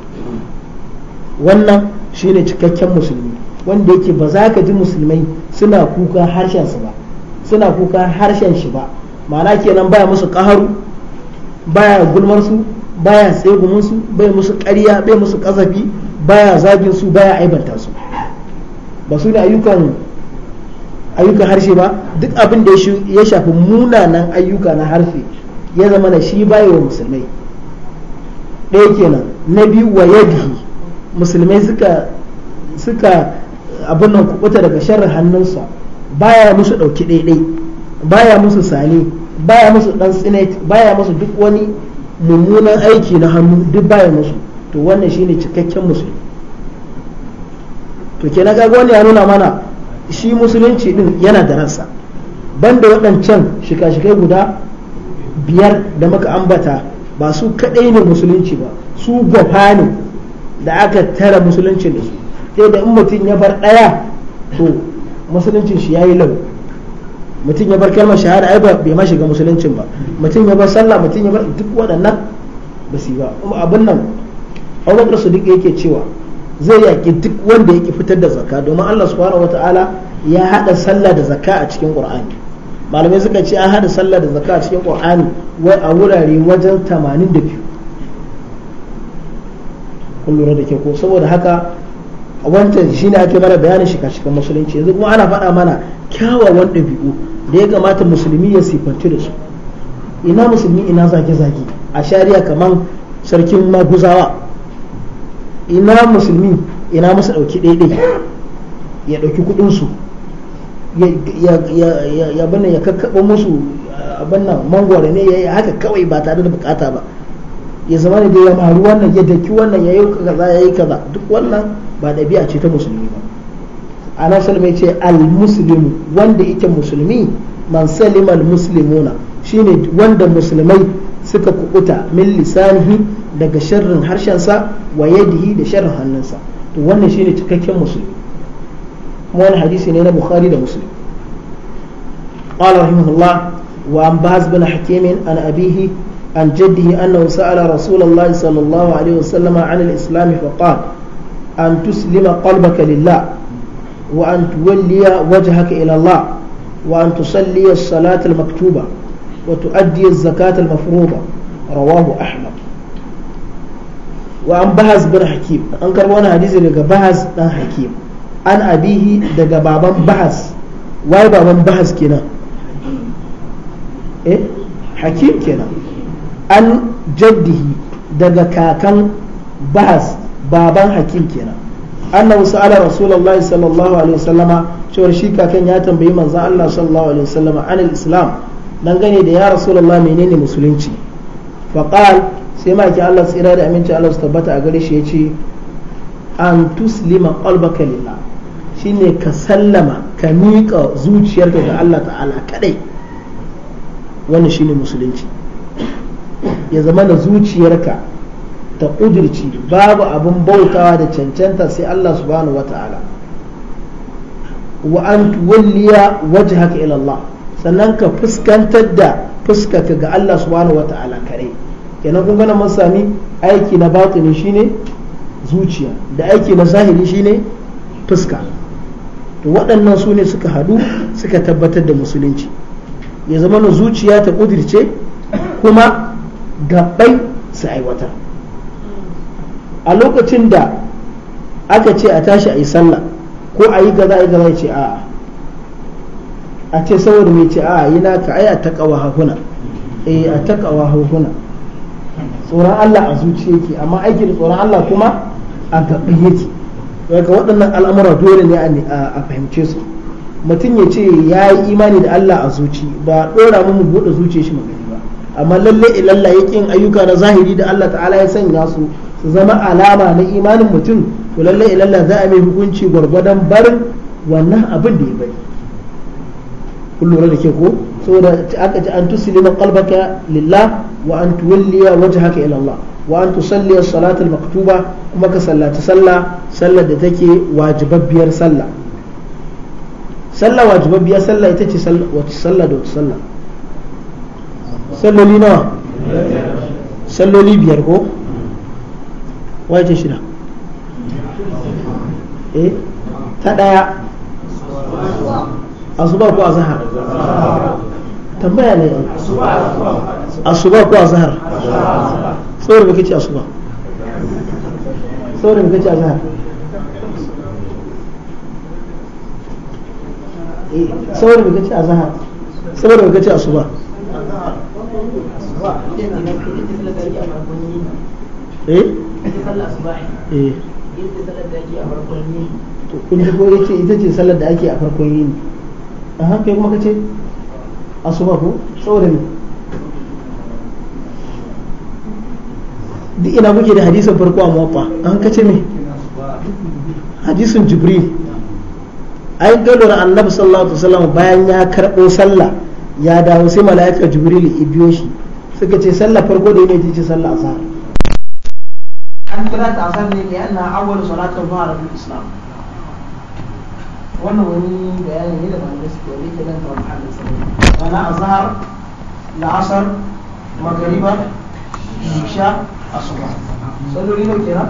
wannan shine cikakken musulmi wanda yake ba za ka ji musulmai suna kuka harshen su ba suna kuka harshen shi ba ma'ana kenan baya musu kaharu baya gulmar su baya tsegumin su bai musu ƙarya bai musu kazafi baya zagin su baya aibanta su ba su ne ayyukan ayyukan harshe ba duk abin da ya shafi munanan ayyuka na harshe ya zama na shi baya wa musulmai ɗaya kenan na biyu wa yadihi musulmai suka suka abin nan kubuta daga sharrin hannunsa baya musu ɗauki ɗaiɗai baya musu sani baya musu ɗan tsinet baya musu duk wani mummunan aiki na hannu duk baya musu to wannan shine cikakken musulmi to kenan kaga wani ya nuna mana shi musulunci din yana da ransa banda waɗancan shika-shikai guda biyar da muka ambata ba su kadai ne musulunci ba su gwafa ne da aka tara musuluncin da su sai da in mutum ya bar ɗaya to musuluncin shi ya yi lau mutum ya bar kalmar shahada ai bai ma shiga musuluncin ba mutum ya bar sallah mutum ya bar duk waɗannan ba su yi ba kuma abin nan abubakar sadiq yake cewa zai yaƙi duk wanda yake fitar da zakka domin Allah subhanahu wata'ala ya haɗa sallah da zakka a cikin qur'ani malamai suka ce an haɗa sallah da zakka a cikin qur'ani wai a wurare wajen 82 kun lura da ke ko saboda haka wancan shi ne ake mana bayanin shi cikin musulunci yanzu kuma ana faɗa mana kyawawan ɗabi'u da ya kamata musulmi ya sifanci da su ina musulmi ina zage-zage a shari'a kamar sarkin maguzawa ina musulmi ina musu ɗauki ɗaiɗai ya ɗauki kuɗinsu ya bane ya kakkaɓa musu abin nan mangwara ne ya yi haka kawai ba tare da bukata ba ya zama da ya maru wannan ya daki wannan ya yi kaza ya yi kaza duk wannan ba ɗabi'a ce ta musulmi ba ana ya ce al muslimu wanda yake musulmi man salim al muslimuna shine wanda musulmai suka kubuta min lisanihi daga sharrin harshensa wa yadihi da sharrin hannunsa to wannan shine cikakken musulmi kuma wani hadisi ne na bukhari da muslim قال رحمه الله وعن باز بن حكيم عن أبيه عن جده أنه سأل رسول الله صلى الله عليه وسلم عن الإسلام فقال أن تسلم قلبك لله وأن تولي وجهك إلى الله وأن تصلي الصلاة المكتوبة وتؤدي الزكاة المفروضة رواه أحمد وأن بهز بن حكيم أنكر وانا حديث لك بهز بن حكيم أن أبيه دقى بابا بهز واي بابا بهز كنا إيه حكيم كنا an jaddihi daga kakan bahas baban hakim kenan annahu sa'ala rasulullahi sallallahu alaihi wasallama cewar shi kakan ya tambayi manzon Allah sallallahu alaihi wasallama islam dangane da ya rasulullah menene musulunci qal sai maki Allah tsira da aminci Allah su tabbata a gare shi yace an tuslima qalbaka lillah shine ka sallama ka miƙa zuciyarka ga Allah ta'ala kadai wannan shine musulunci ya zama na zuciyarka ta ƙudurci babu abin bautawa da cancanta sai Allah subhanahu wa ta'ala wa an walliya wajhaka ila Allah sannan ka fuskantar da fuskarka ga Allah subhanahu wa ta'ala kare kenan kun gana mun sami aiki na batini shine zuciya da aiki na zahiri shine fuska to waɗannan su ne suka haɗu suka tabbatar da musulunci ya zama na zuciya ta ƙudirce kuma gabbai su aiwata a lokacin da aka ce a tashi a yi sallah ko a yi gaza a yi gaza ce a a ce saboda mai ce a yi naka ai a takawa hakuna eh a takawa hakuna tsoron Allah a zuci yake amma aikin tsoron Allah kuma a gabbai yake daga waɗannan al'amura dole ne a fahimce su mutum ya ce ya yi imani da Allah a zuci ba ɗora mu buɗe zuciya shi magana amma lalle ilalla yakin ayyuka na zahiri da Allah ta'ala ya sanya su su zama alama na imanin mutum to lalle ilalla za a mai hukunci gwargwadon barin wannan abin da ya bari kun lura da ke ko saboda aka ji an tusilima qalbaka lillah wa an tuwalliya wajhaka ila Allah wa an tusalli as maktuba kuma ka sallaci sallah sallar da take wajibabbiyar sallah sallah wajibabbiyar sallah ita ce sallah wata sallah da wata sallah salloli nawa salloli biyar ko wace shida eh ta daya asuba ko azhar tambaya ne asuba ko azhar saurin baka ce asuba saurin baka ce azhar eh, saurin baka ce azhar saurin baka ce asuba eh eh farkon yini ko yace ita ce sallar da ake a farkon yini a hankali kuma kace asuba ko saboda ne duk ina kuke da hadisin farko a mawafa an kace me hadisin jibril ai galora annabi sallallahu alaihi wasallam bayan ya karɓo sallah ya dawo sai mala'ika jibril ya biyo shi suka ce sallah farko da yake ce sallah azhar an kira ta azhar ne lianna awwal salatu zuhar fil islam wannan wani bayani ne da malamai suke wani ke nan kawai muhammad sallallahu wani azhar la'asar magariba isha asuba salloli ne kira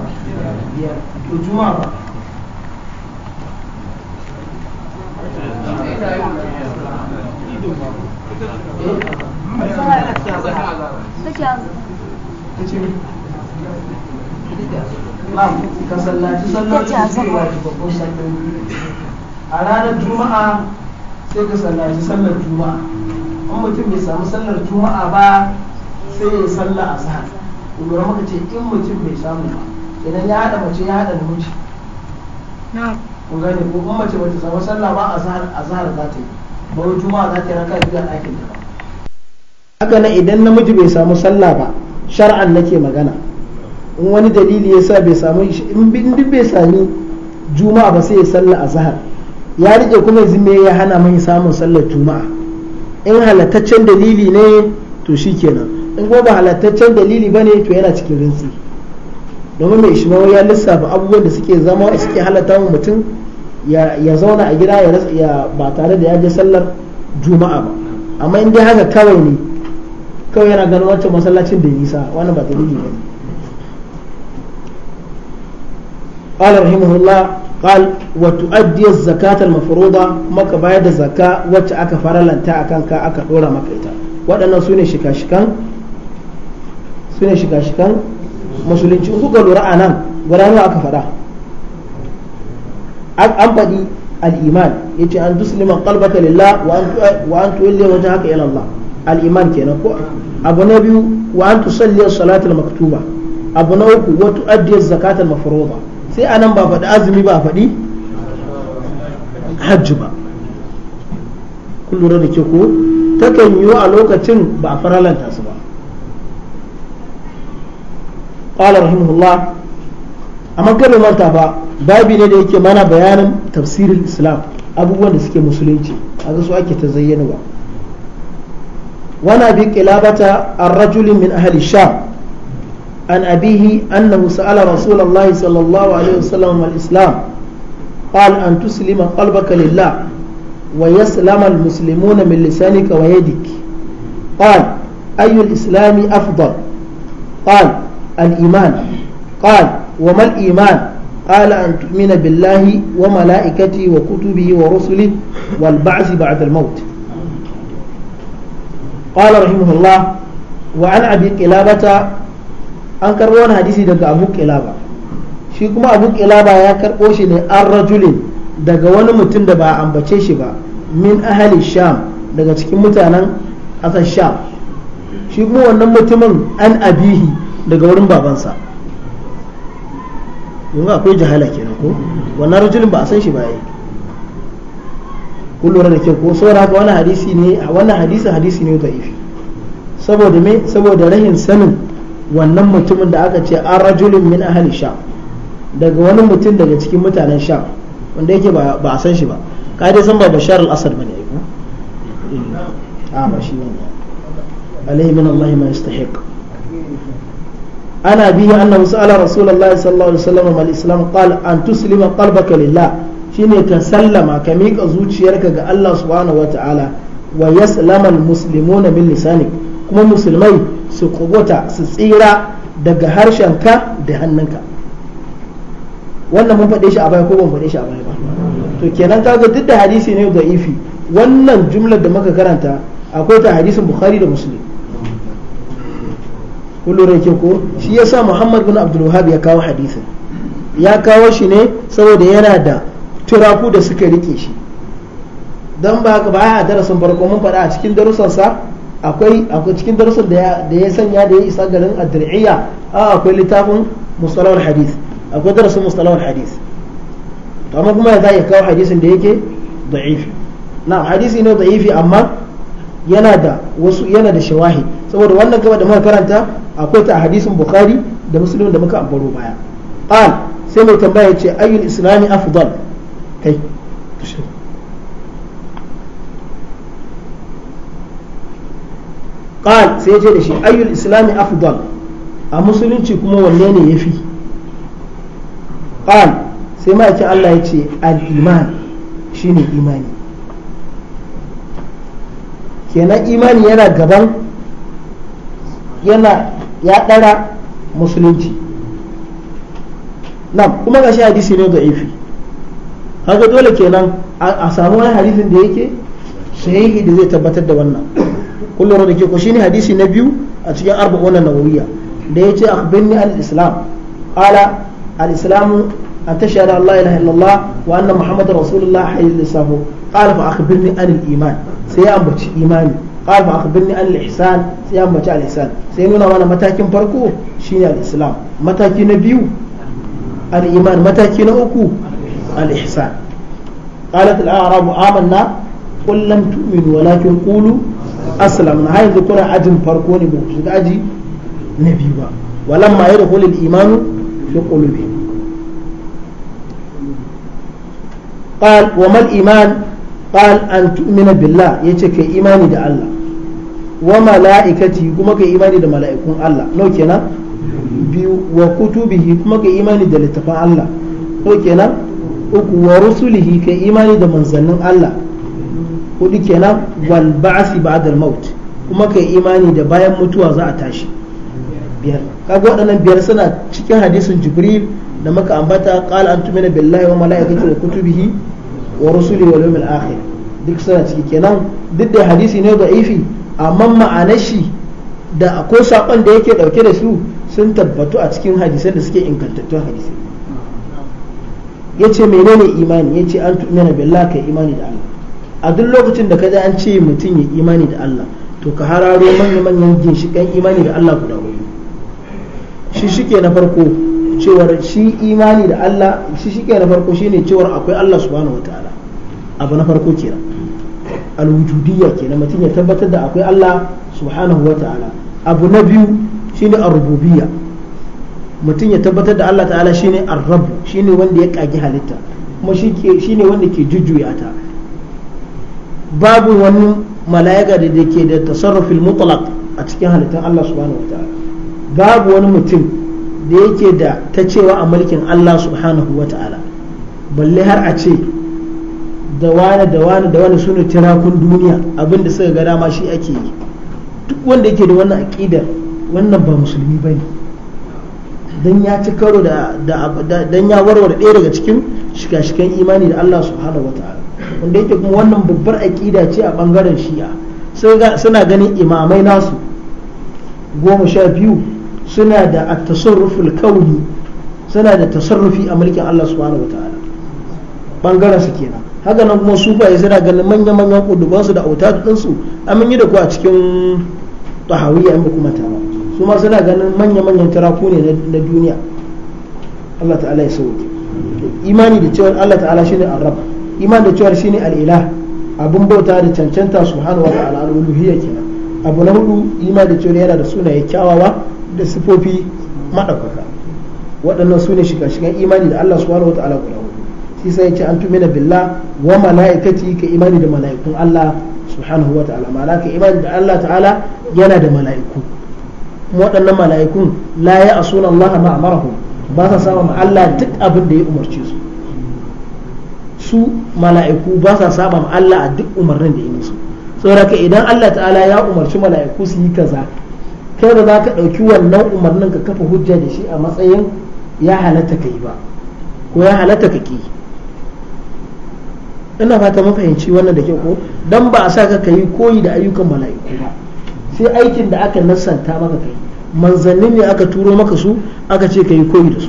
biyar to juma'a ba A ranar Juma'a sai ka sallaci sallar Juma'a. In mutum bai samu sallar Juma'a ba sai ya salla a sa. Kuma muka ce in mutum bai samu ba, idan ya haɗa mace ya haɗa namiji. Ku gane ko in mace bata samu sallah ba a zahar za ta yi. ba juma'a za ta raka ɗakin ta haka na idan namiji bai samu sallah ba shar'an nake magana in wani dalili ya sa bai samu in duk bai sami juma'a ba sai ya sallah a zahar ya rike kuma yanzu ya hana mai samun sallar juma'a in halattaccen dalili ne to shikenan in kuma ba halattaccen dalili ba ne to yana cikin rintsi domin mai ishmawa ya lissafa abubuwan da suke zama suke halatta wa mutum ya zauna a gida ya ba tare da ya je sallar juma'a ba amma in dai haka kawai ne kawai yana ganin wancan masallacin da nisa wannan ba dalili ba ne قال رحمه الله قال وتؤدي الزكاة المفروضة ما كبايد الزكاة وتأك فرلا تأكن كأك دورا مكيتا وأنا سوني شكا شكا سوني شكا شكا مسلمين شو قالوا رأنا ولا أنا أكفرها an faɗi al'iman ya ce an dusu neman kalbata lilla wa an wa an tuwalli wajhaka ila Allah al'iman iman kenan ko abu na biyu wa an tusalli salat maktuba abu na uku wa tuaddi zakat mafaroba sai anan ba faɗi azumi ba faɗi hajji ba kun lura da ke ko ta yiwu a lokacin ba a faralanta su ba rahimahullah amma kada manta fa babi ne da yake mana bayanin tafsirin islam abubuwan da suke musulunci a su ake ta zayyanuwa Wana abi kilabata an rajulin min ahli sham an abihi annahu sa'ala rasulullah sallallahu alaihi wasallam al islam قال أن تسلم قلبك لله ويسلم المسلمون من لسانك ويدك قال أي الإسلام أفضل قال الإيمان قال وما الإيمان قال أن تؤمن wa وملائكته wa ورسله والبعث بعد الموت قال رحمه الله وعن أبي قلابة an karbo wani hadisi daga abu kilaba shi kuma abu kilaba ya karɓo shi ne an daga wani mutum da ba a ambace shi ba min ahali sham daga cikin mutanen ƙasar sham shi kuma wannan mutumin an abihi daga wurin babansa yanzu akwai jahala kenan ko wannan rajulin ba a san shi ba yi kullum da kyau ko saboda haka wannan hadisi ne a wannan hadisi hadisi ne da'ifi saboda me saboda rahin sanin wannan mutumin da aka ce an rajulin min ahli sha daga wani mutum daga cikin mutanen sha wanda yake ba a san shi ba ka san ba bashar al-asad bane ai ko a ah, ba shi wannan alaihi min Allah ma yastahiq عن أبيه أنه سأل رسول الله صلى الله عليه وسلم ما الإسلام قال أن تسلم قلبك لله شيني كسلم كميك أزوج يركك الله سبحانه وتعالى ويسلم المسلمون من لسانك كما مسلمي سقوتا سسيرا daga harshenka da hannunka wannan mun faɗe shi a baya ko ban faɗe shi a baya ba to kenan kaga duk da hadisi ne da ifi wannan jumlar da muka karanta akwai ta hadisin bukhari da muslim kullum da ke ko shi yasa muhammad bin abdul wahab ya kawo hadisin ya kawo shi ne saboda yana da turaku da suka rike shi don ba ka baya a darasin farko mun faɗa a cikin darussansa akwai akwai cikin darussan da ya sanya da ya isa garin adri'iyya a akwai littafin mustalahul hadis akwai darasin mustalahul hadis to amma kuma za ya kawo hadisin da yake da'ifi na hadisi ne da'ifi amma yana da wasu yana da shawahi saboda wannan gaba da muka karanta akwai ta hadisin bukhari da musulun da muka ambaro baya qal sai mai tambaya ya ce ayyul islami afdal kai qal sai ya ce da shi ayyul islami afdal a musulunci kuma wanne ne yafi qal sai ma yake Allah ya ce al-iman shine imani kenan imani yana gaban yana ya ɗara musulunci na kuma ga shi hadisi ne da ifi haka dole kenan a samu wani hadisin da yake sahihi da zai tabbatar da wannan kullum da ke ko shine hadisi na biyu a cikin arba'una nawawiyya da yace akhbirni al islam qala al islam an tashhadu an la ilaha illallah wa anna muhammadar rasulullah hayyul islam qala fa akhbirni an al iman sai ya ambaci imani qala a akhbirni an al-ihsan sai ya mace al-ihsan sai nuna mana matakin farko shine al-islam mataki na biyu al-iman mataki na uku al-ihsan qalat al-a'rabu amanna qul lam tu'minu walakin qulu aslamna har yanzu ajin farko aji na biyu ba imanu قال وما الإيمان قال أن تؤمن بالله يتك إيماني دا الله wa mala'ikati kuma kai imani da mala'ikun Allah n'o kenan biyu wa kutubihi kuma kai imani da littafan Allah n'o kenan uku wa rusulihi kai imani da manzannin Allah hudu kenan wal ba'si ba'da al-maut kuma kai imani da bayan mutuwa za a tashi biyar kaga waɗannan biyar suna cikin hadisin jibril da maka ambata qala antumina billahi wa mala'ikati wa kutubihi wa rusulihi wal yawmil akhir duk suna ciki kenan duk da hadisi ne da ifi amma ma'anar shi da ko saƙon da yake ɗauke da su sun tabbatu a cikin hadisan da suke ingantattun hadisai ya ce menene imani ya ce an tu'mina billah ka imani da Allah a duk lokacin da kaji an ce mutum ya imani da Allah to ka hararo manya-manyan ginshiƙan imani da Allah guda hudu shi shike na farko cewar shi imani da Allah shi shike na farko shine cewar akwai Allah subhanahu wataala abu na farko kenan alwujudiyya kenan mutum ya tabbatar da akwai Allah subhanahu wa ta'ala abu na biyu shine arububiyya rububiyya mutum ya tabbatar da Allah ta'ala shine ar-rabb shine wanda ya kage halitta kuma shine wanda ke jujjuya ta babu wani mala'ika da ke da tasarrufil mutlaq a cikin halittar Allah subhanahu wa ta'ala babu wani mutum da yake da ta cewa a mulkin Allah subhanahu wa ta'ala balle har a ce da wani da wani da wani sune tirakun duniya abinda suka ga dama shi ake yi duk wanda yake da wannan aƙida wannan ba musulmi ba ne dan ya ci karo da dan ya warware ɗaya daga cikin shiga shikan imani da Allah subhanahu wataala wanda yake kuma wannan babbar aqida ce a bangaren shi'a suna ganin imamai nasu goma sha biyu suna da at-tasarruful kauni suna da tasarrufi a mulkin Allah subhanahu wataala bangaren su kenan haka nan kuma sufaye suna ganin manya manyan kudubansu da autatu ɗinsu an yi da ku a cikin tahawiyya in kuma ta ba su ma suna ganin manya manyan taraku ne na duniya Allah ta'ala ya sauke imani da cewar Allah ta'ala shine arab imani da cewar shine al'ilah abun bauta da cancanta subhanahu wa ta'ala al'uluhiyya kenan abu na hudu imani da cewar yana da sunaye kyawawa da sifofi madaukaka waɗannan su ne shiga-shigan imani da Allah subhanahu wa ta'ala guda shi sai ya ce an tumina billah wa mala'ikati ka imani da mala'ikun Allah subhanahu wa ta'ala mala'ika imani da Allah ta'ala yana da mala'iku kuma waɗannan mala'ikun la ya asuna Allah ma amarahum ba sa saba ma Allah duk abin da ya umarce su su mala'iku ba sa saba ma Allah a duk umarnin da ya musu saboda ka idan Allah ta'ala ya umarci mala'iku su yi kaza kai ba za ka ɗauki wannan umarnin ka kafa hujja da shi a matsayin ya halatta ka yi ba ko ya halatta ka ki ina fata mafahimci wannan da ke ko dan ba a sa ka kai koyi da ayyukan mala'iku ba sai aikin da aka nasanta maka kai manzanni ne aka turo maka su aka ce kai koyi da su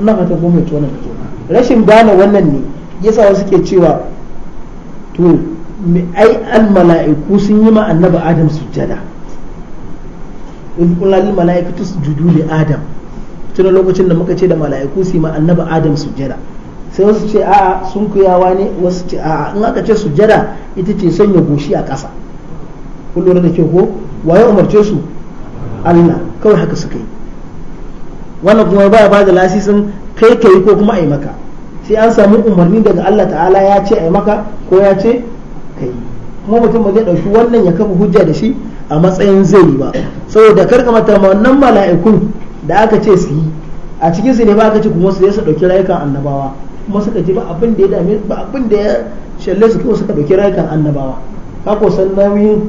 ina fata ko mai wannan da ke rashin gane wannan ne yasa wasu ke cewa to ai al mala'iku sun yi ma annabi adam sujjada in kula lil mala'ikatu sujudu li adam tun lokacin da muka ce da mala'iku su yi ma annabi adam sujjada sai wasu ce a'a sun kuyawa ne wasu ce a'a in aka ce sujada ita ce sanya goshi a ƙasa kun da ke ko waye umarce su Allah kawai haka suka yi wannan kuma baya ba da lasisin kai kai ko kuma ai maka sai an samu umarni daga Allah ta'ala ya ce ai maka ko ya ce kai kuma mutum ba zai ɗauki wannan ya kafa hujja da shi a matsayin zai yi ba saboda kar ka mata wannan mala'ikun da aka ce su yi a cikin su ne ba aka ce kuma su su dauki rayukan annabawa kuma suka ji ba abin da ya dame ba abin da ya shalle su kuma suka dauki rayukan annabawa kako san nauyin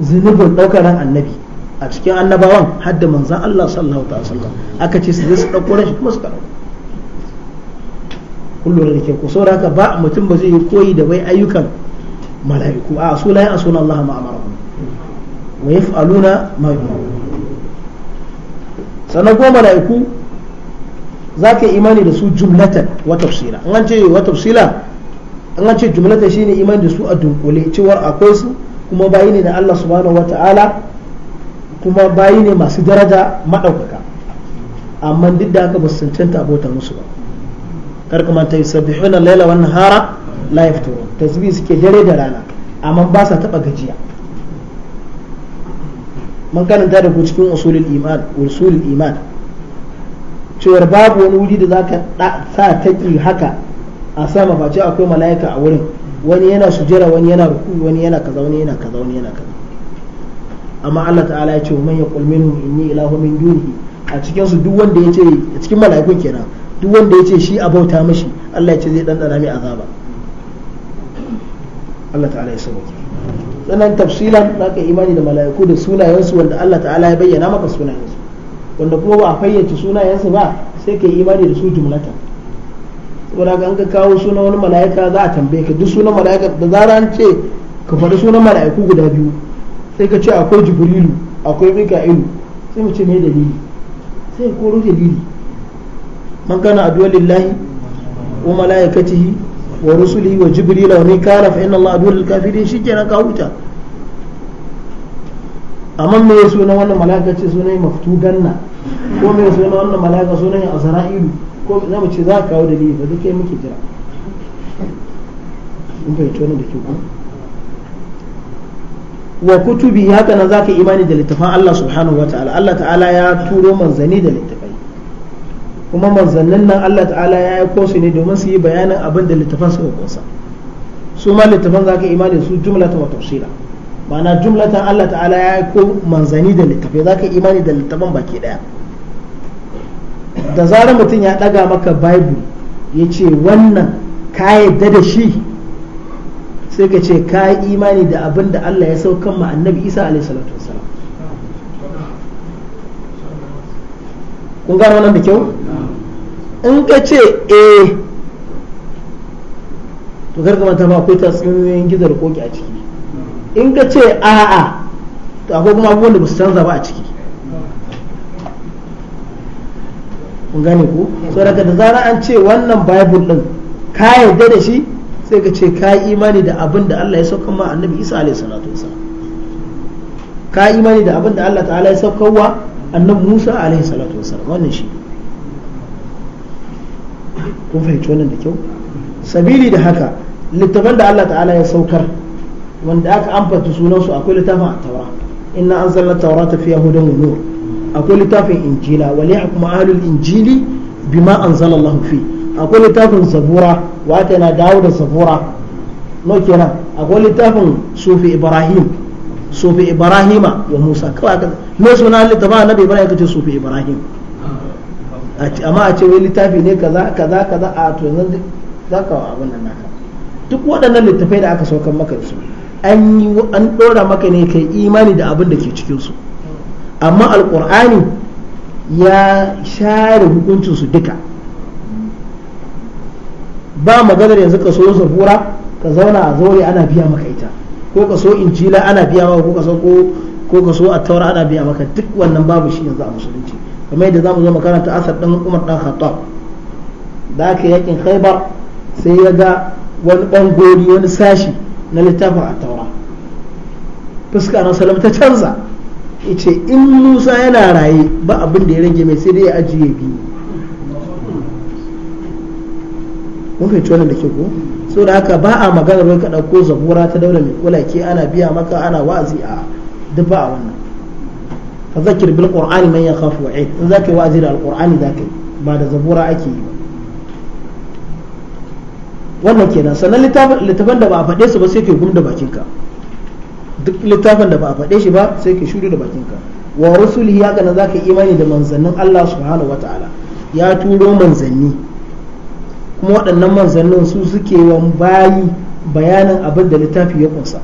zunubin daukar ran annabi a cikin annabawan har da manzan Allah sallallahu alaihi wasallam aka ce su je su dauko ran shi kuma suka dauko kullum da ke ku saboda haka ba mutum ba zai yi koyi da bai ayyukan mala'iku a su la ya'suna Allah ma amara wa yaf'aluna ma yu'marun sanan ko mala'iku za ka yi imani da su jumlatan wa tafsila an ce wa tafsila an ce jumlatan shine imani da su a dunkule cewa akwai su kuma bayi ne na Allah subhanahu wata'ala kuma bayi ne masu daraja maɗaukaka amma duk da aka ba su cancanta abota musu ba kar kuma ta yi sabbihuna laila wannan hara la yafturun tasbih suke dare da rana amma ba sa taba gajiya man karanta da ku cikin usulul iman usulul iman cewar babu wani wuri da zaka sa taki haka a sama face akwai mala'ika a wurin wani yana sujera wani yana ruku wani yana kaza wani yana kaza wani yana kaza amma Allah ta'ala ya ce man yaqul minhum inni ilahu min dunihi a cikin su duk wanda yace a cikin mala'ikun kenan duk wanda yace shi a bauta mishi Allah ya ce zai dandana mai azaba Allah ta'ala ya sauke sannan tafsilan zaka imani da mala'iku da su wanda Allah ta'ala ya bayyana maka su. wanda kuma ba a fayyace sunayensa ba sai ka yi imani da su jumlata saboda ga an ka kawo suna wani mala'ika za a tambaye ka duk sunan mala'ika da zara an ce ka faɗi sunan mala'iku guda biyu sai ka ce akwai jibrilu akwai mika'ilu sai mu ce me dalili sai koro dalili man kana aduwa lillahi wa mala'ikatihi wa rusulihi wa jibrilu wa mikala fa inna allaha lil kafirin shikenan ka huta amma me ya sunan wannan malaka ce sunan maftu ganna ko me ya sunan wannan mala'ika sunan azra'ilu ko za mu ce za ka kawo dalili ba duka muke jira in bai tona da kyau wa kutubi haka nan zaka imani da littafan Allah subhanahu wa ta'ala Allah ta'ala ya turo manzanni da littafai kuma manzannin nan Allah ta'ala ya yi kosu ne domin su yi bayanin abin da littafan suka kosa su ma littafan zaka imani su jumlatan wa tafsila mana jumlatan Allah ta'ala ya ko manzani da littafai za ka imani da littafan baki daya da zarar mutum ya daga maka bible ya ce wannan ka yadda da shi sai ka ce ka yi imani da abin da Allah ya saukan ma annabi isa alaihi salatu wasalam kun gano wannan da kyau in ka ce eh to gargamanta ba akwai tatsuniyoyin gizar koki a ciki in ka ce a'a to akwai kuma abubuwan da ba su canza ba a ciki kun gane ko so daga da zara an ce wannan bible din ka yarda da shi sai ka ce ka imani da abin da Allah ya sauka ma annabi Isa alaihi salatu wasallam ka imani da abin da Allah ta'ala ya sauka wa annabi Musa alaihi salatu wasallam wannan shi kun fahimci wannan da kyau sabili da haka littafin da Allah ta'ala ya saukar wanda aka amfata sunansu akwai littafin taura inna anzalna taurata fiha hudan wa nur akwai littafin injila wal yahkum ahlul injili bima anzala Allah fi akwai littafin zabura wa atayna da zabura no kenan akwai littafin sufi ibrahim sufi ibrahima wa musa kawai me suna littafin annabi ibrahim kace sufi ibrahim amma a ce wai littafi ne kaza kaza kaza a to yanzu zaka abin nan naka duk waɗannan littafai da aka saukar maka da su an yi an ɗora maka ne kai imani da abin da ke cikinsu amma alƙur'ani ya share hukuncinsu duka ba maganar yanzu ka so zabura ka zauna a zaure ana biya maka ita ko ka so injila ana biya maka ko ka so ko ka so attaura ana biya maka duk wannan babu shi yanzu a musulunci kamar yadda mu zo makaranta asar ɗan umar dan khattab da aka yakin khaibar sai ya ga wani bangori wani sashi na littafin attaura fuska na salam ta canza ce in musa yana raye ba abin da ya rage mai sai dai ya ajiye biyu mun fahimci wannan da ke ko so da haka ba a maganar wai ka ko zabura ta daula mai kula ke ana biya maka ana wa'azi a duk ba a wannan fa zakir bil qur'ani man yakhafu wa'id in zaka wa'azi da alqur'ani zaka ba da zabura ake yi ba wannan kenan sannan littafin da ba a faɗe su ba sai ke gum da bakinka duk littafin da ba a faɗe shi ba sai ke shuru da bakinka wa rusuli ya gana za ka imani da manzannin Allah subhanahu wa ta'ala ya turo manzanni kuma waɗannan manzannin su suke wa bayi bayanin abin da littafi ya kunsa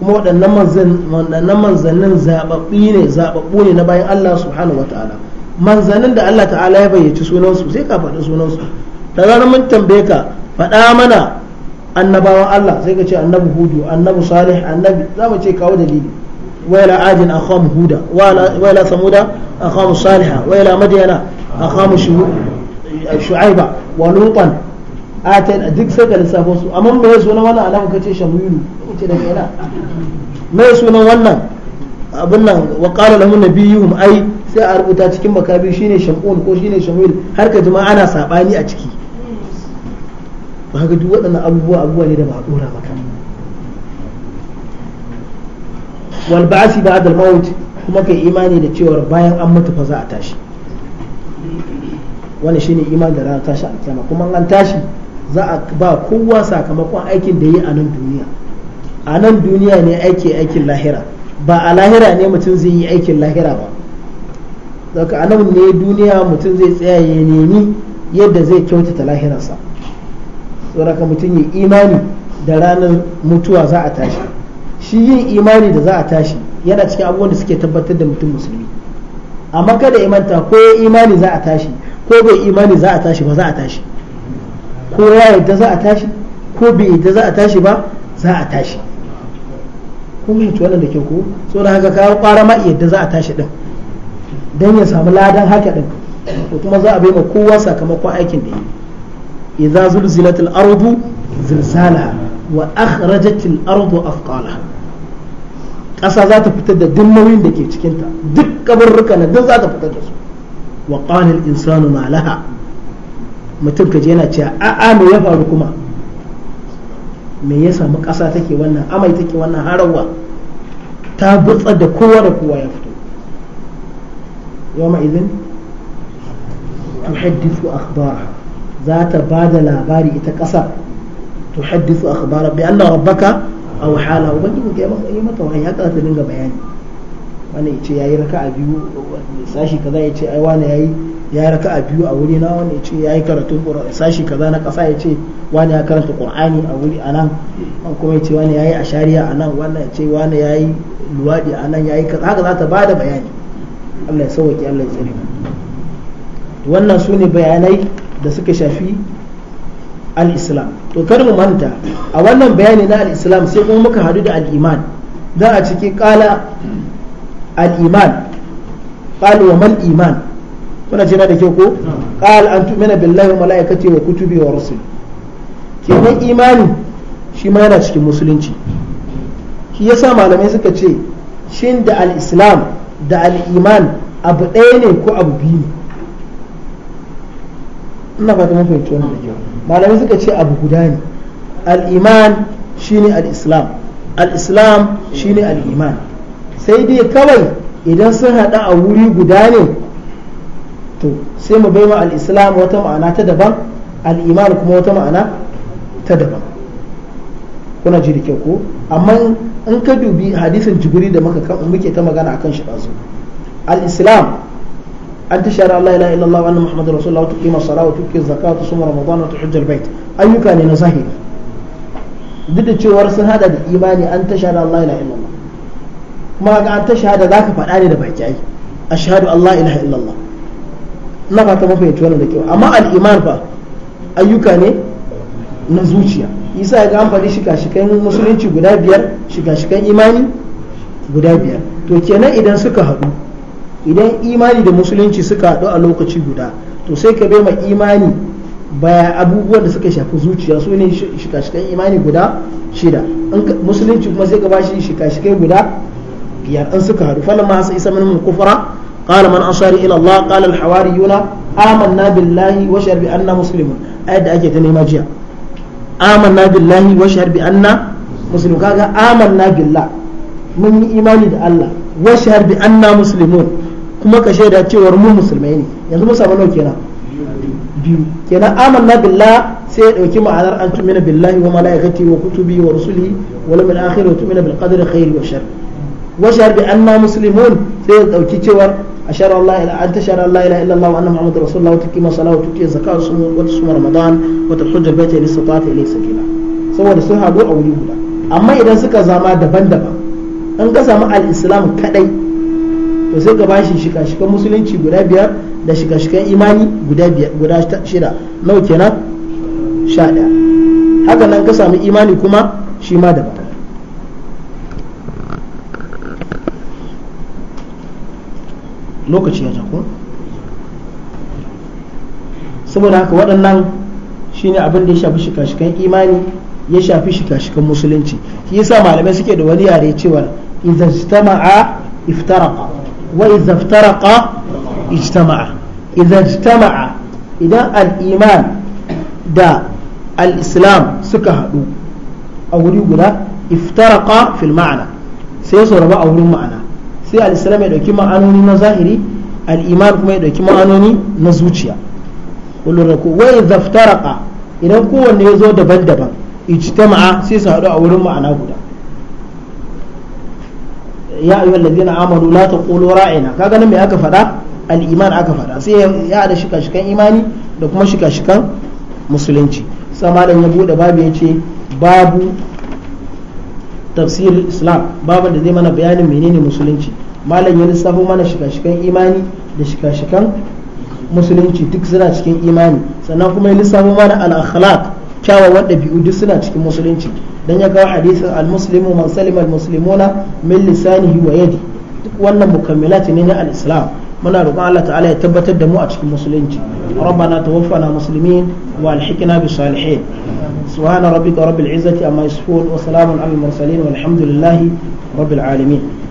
kuma waɗannan manzannin zaɓaɓɓi ne zaɓaɓɓu ne na bayan Allah subhanahu wa ta'ala manzannin da Allah ta'ala ya bayyaci sunansu sai ka faɗi sunansu da zarar mun tambaye ka faɗa mana annabawan Allah sai ka ce annabi hudu annabi salih annabi za mu ce kawo dalili وإلى عاد أخام هودا وإلى ثمود أخام صالحا وإلى مدين أخام شعيبة ولوطا آتينا ديك سيدة لسافوس أمام ما يسونا وانا ce da شمويل ما sunan wannan abin وقال لهم نبيهم ai sai a rubuta cikin makabi shine shamun ko shine shamil har ka jima ana sabani a ciki ba haka duk waɗannan abubuwa abubuwa ne da ba a ɗora maka wal ba'asi ba al-maut kuma kai imani da cewar bayan an mutu fa za a tashi wani shine imani da rana tashi a kyama kuma an tashi za a ba kowa sakamakon aikin da yi a nan duniya a nan duniya ne aiki aikin lahira ba a lahira ne mutum zai yi aikin lahira ba daga anan nan ne duniya mutum zai tsaya ya nemi yadda zai kyautata lahirarsa tsoraka mutum yi imani da ranar mutuwa za a tashi shi yin imani da za a tashi yana cikin abubuwan da suke tabbatar da mutum musulmi amma kada imanta ko ya imani za a tashi ko bai imani za a tashi ba za a tashi ko ya yadda za a tashi ko bai yadda za a tashi ba za a tashi kun yi wannan da ke ko saboda haka kawo kwara ma yadda za a tashi din don ya samu ladan haka din ko kuma za a bai ma kowa sakamakon aikin da yi idza zulzilatil ardu zirzala wa akhrajatil ardu afkala ƙasa za ta fitar da duk nauyin da ke cikinta duk kabarruka na duk za ta fitar da su wa qala insanu ma laha mutum kaje yana cewa a'a me ya faru kuma me ya samu ƙasa take wannan amai take wannan harawa ta butsa da kowa da kowa ya fito yawma idin tuhaddisu akhbaraha za ta ba da labari ita ƙasa to haddisu a kabara bi Allah baka a wahala ubangiji ga yi mata wani ya haka ta dinga bayani wani ya ce ya yi raka a biyu sashi kaza ya ce ai wani ya yi ya yi raka a biyu a wuri na wani ya ce ya yi karatun sashi kaza na ƙasa ya ce wani ya karanta qur'ani a wuri a nan kuma ya ce wani ya yi a shari'a a nan wani ya ce wani ya yi luwaɗi a nan ya yi kaza haka za ta ba da bayani Allah ya sauwaƙe Allah ya tsare wannan su ne bayanai da suka shafi al-islam to kar mu manta a wannan bayani na al-islam sai kuma muka hadu da al-iman a ciki kala al-iman qalu wa mal iman kuna jira da kyau ko qal an tu'mina billahi wa malaikati wa kutubi wa rusul kenan imani shi ma yana cikin musulunci shi yasa malamai suka ce shin da al-islam da al-iman abu ɗaya ne ko abu biyu ne ina fata mun fahimci da kyau malamai suka ce abu guda ne al-iman shine al-islam al-islam shine al-iman sai dai kawai idan sun hada a wuri guda ne to sai mu bai ma al-islam wata ma'ana ta daban al-iman kuma wata ma'ana ta daban kuna ji da kyau ko amma in ka dubi hadisin jibril da muka muke ta magana akan shi ɗazu al-islam an tashhadu an la ilaha illallah wa wa tuqima as-salata wa tuqi az-zakata wa tusum ramadan wa tuhajja al-bait ayyuka ne na zahiri duk da cewar sun hada da imani an tashhadu an la ilaha illallah kuma ga an tashhada zaka faɗa ne da baki ai ashhadu an la ilaha na fata mafi yato da kyau amma al-iman fa na zuciya isa ga an faɗi shika-shikan musulunci guda biyar shika-shikan imani guda biyar to kenan idan suka haɗu idan imani da musulunci suka haɗu a lokaci guda to sai ka bai ma imani baya abubuwan da suka shafi zuciya su ne shika-shikan imani guda shida musulunci kuma sai ka bashi shi shika-shikai guda biyar an suka haɗu falon ma hasa isa min kufra mun imani da kuma ka shaida cewar mu musulmai ne yanzu mun ba nauke na biyu kenan amanna billah sai ya dauki ma'anar an tumina billahi wa malaikati wa kutubi wa rusuli wa lamil akhir wa tumina bil qadri khair wa shar wa shar bi anna muslimun sai ya dauki cewar ashara Allah ila an tashara Allah ila illa Allah wa anna muhammadar rasulullah wa tuqima salat wa tuti zakat su sum wa sum ramadan wa tahujja al bayt li istata ilayhi sabila saboda sun hadu a wuri guda amma idan suka zama daban-daban an ka samu al-islam kadai to sai ka bashi shika-shikan musulunci guda biyar da shika-shikan imani guda biyar guda shida nawa kenan sha ɗaya haka nan ka samu imani kuma shi ma daban lokaci ya ko saboda haka waɗannan ne abin da ya shafi shika-shikan imani ya shafi shika-shikan musulunci yi sa malamai suke da wani yare cewa idan a iftaraqa وإذا افترق اجتمع إذا اجتمع إذا الإيمان دا الإسلام سكهدو أولي قدا افترق في المعنى سيصور بقى أولي معنى سي الإسلام يدوكي معنوني نظاهري الإيمان كما يدوكي معنوني نزوجيا kullum da wai zaftaraka idan kowanne ya zo daban-daban ijtama'a sai su haɗu a wurin ma'ana guda ya ayyuha allazina amanu la taqulu ra'ina kaga nan me aka faɗa al-iman aka faɗa sai ya da shika-shikan imani da kuma shika-shikan musulunci sai malam ya bude babu yace babu tafsir islam babu da zai mana bayanin menene musulunci malam ya lissafo mana shika-shikan imani da shika-shikan musulunci duk suna cikin imani sannan kuma ya lissafo mana al-akhlaq kyawawan ɗabi'u duk suna cikin musulunci dan ya kawo hadisin al-muslimu man salima al-muslimuna min lisanihi wa yadi duk wannan mukammilat ne na al-islam muna roƙon Allah ta'ala ya tabbatar da mu a cikin musulunci rabbana tawaffana muslimin wa alhikna bis salihin subhana rabbika rabbil izzati amma yasifun wa salamun alal mursalin walhamdulillahi rabbil alamin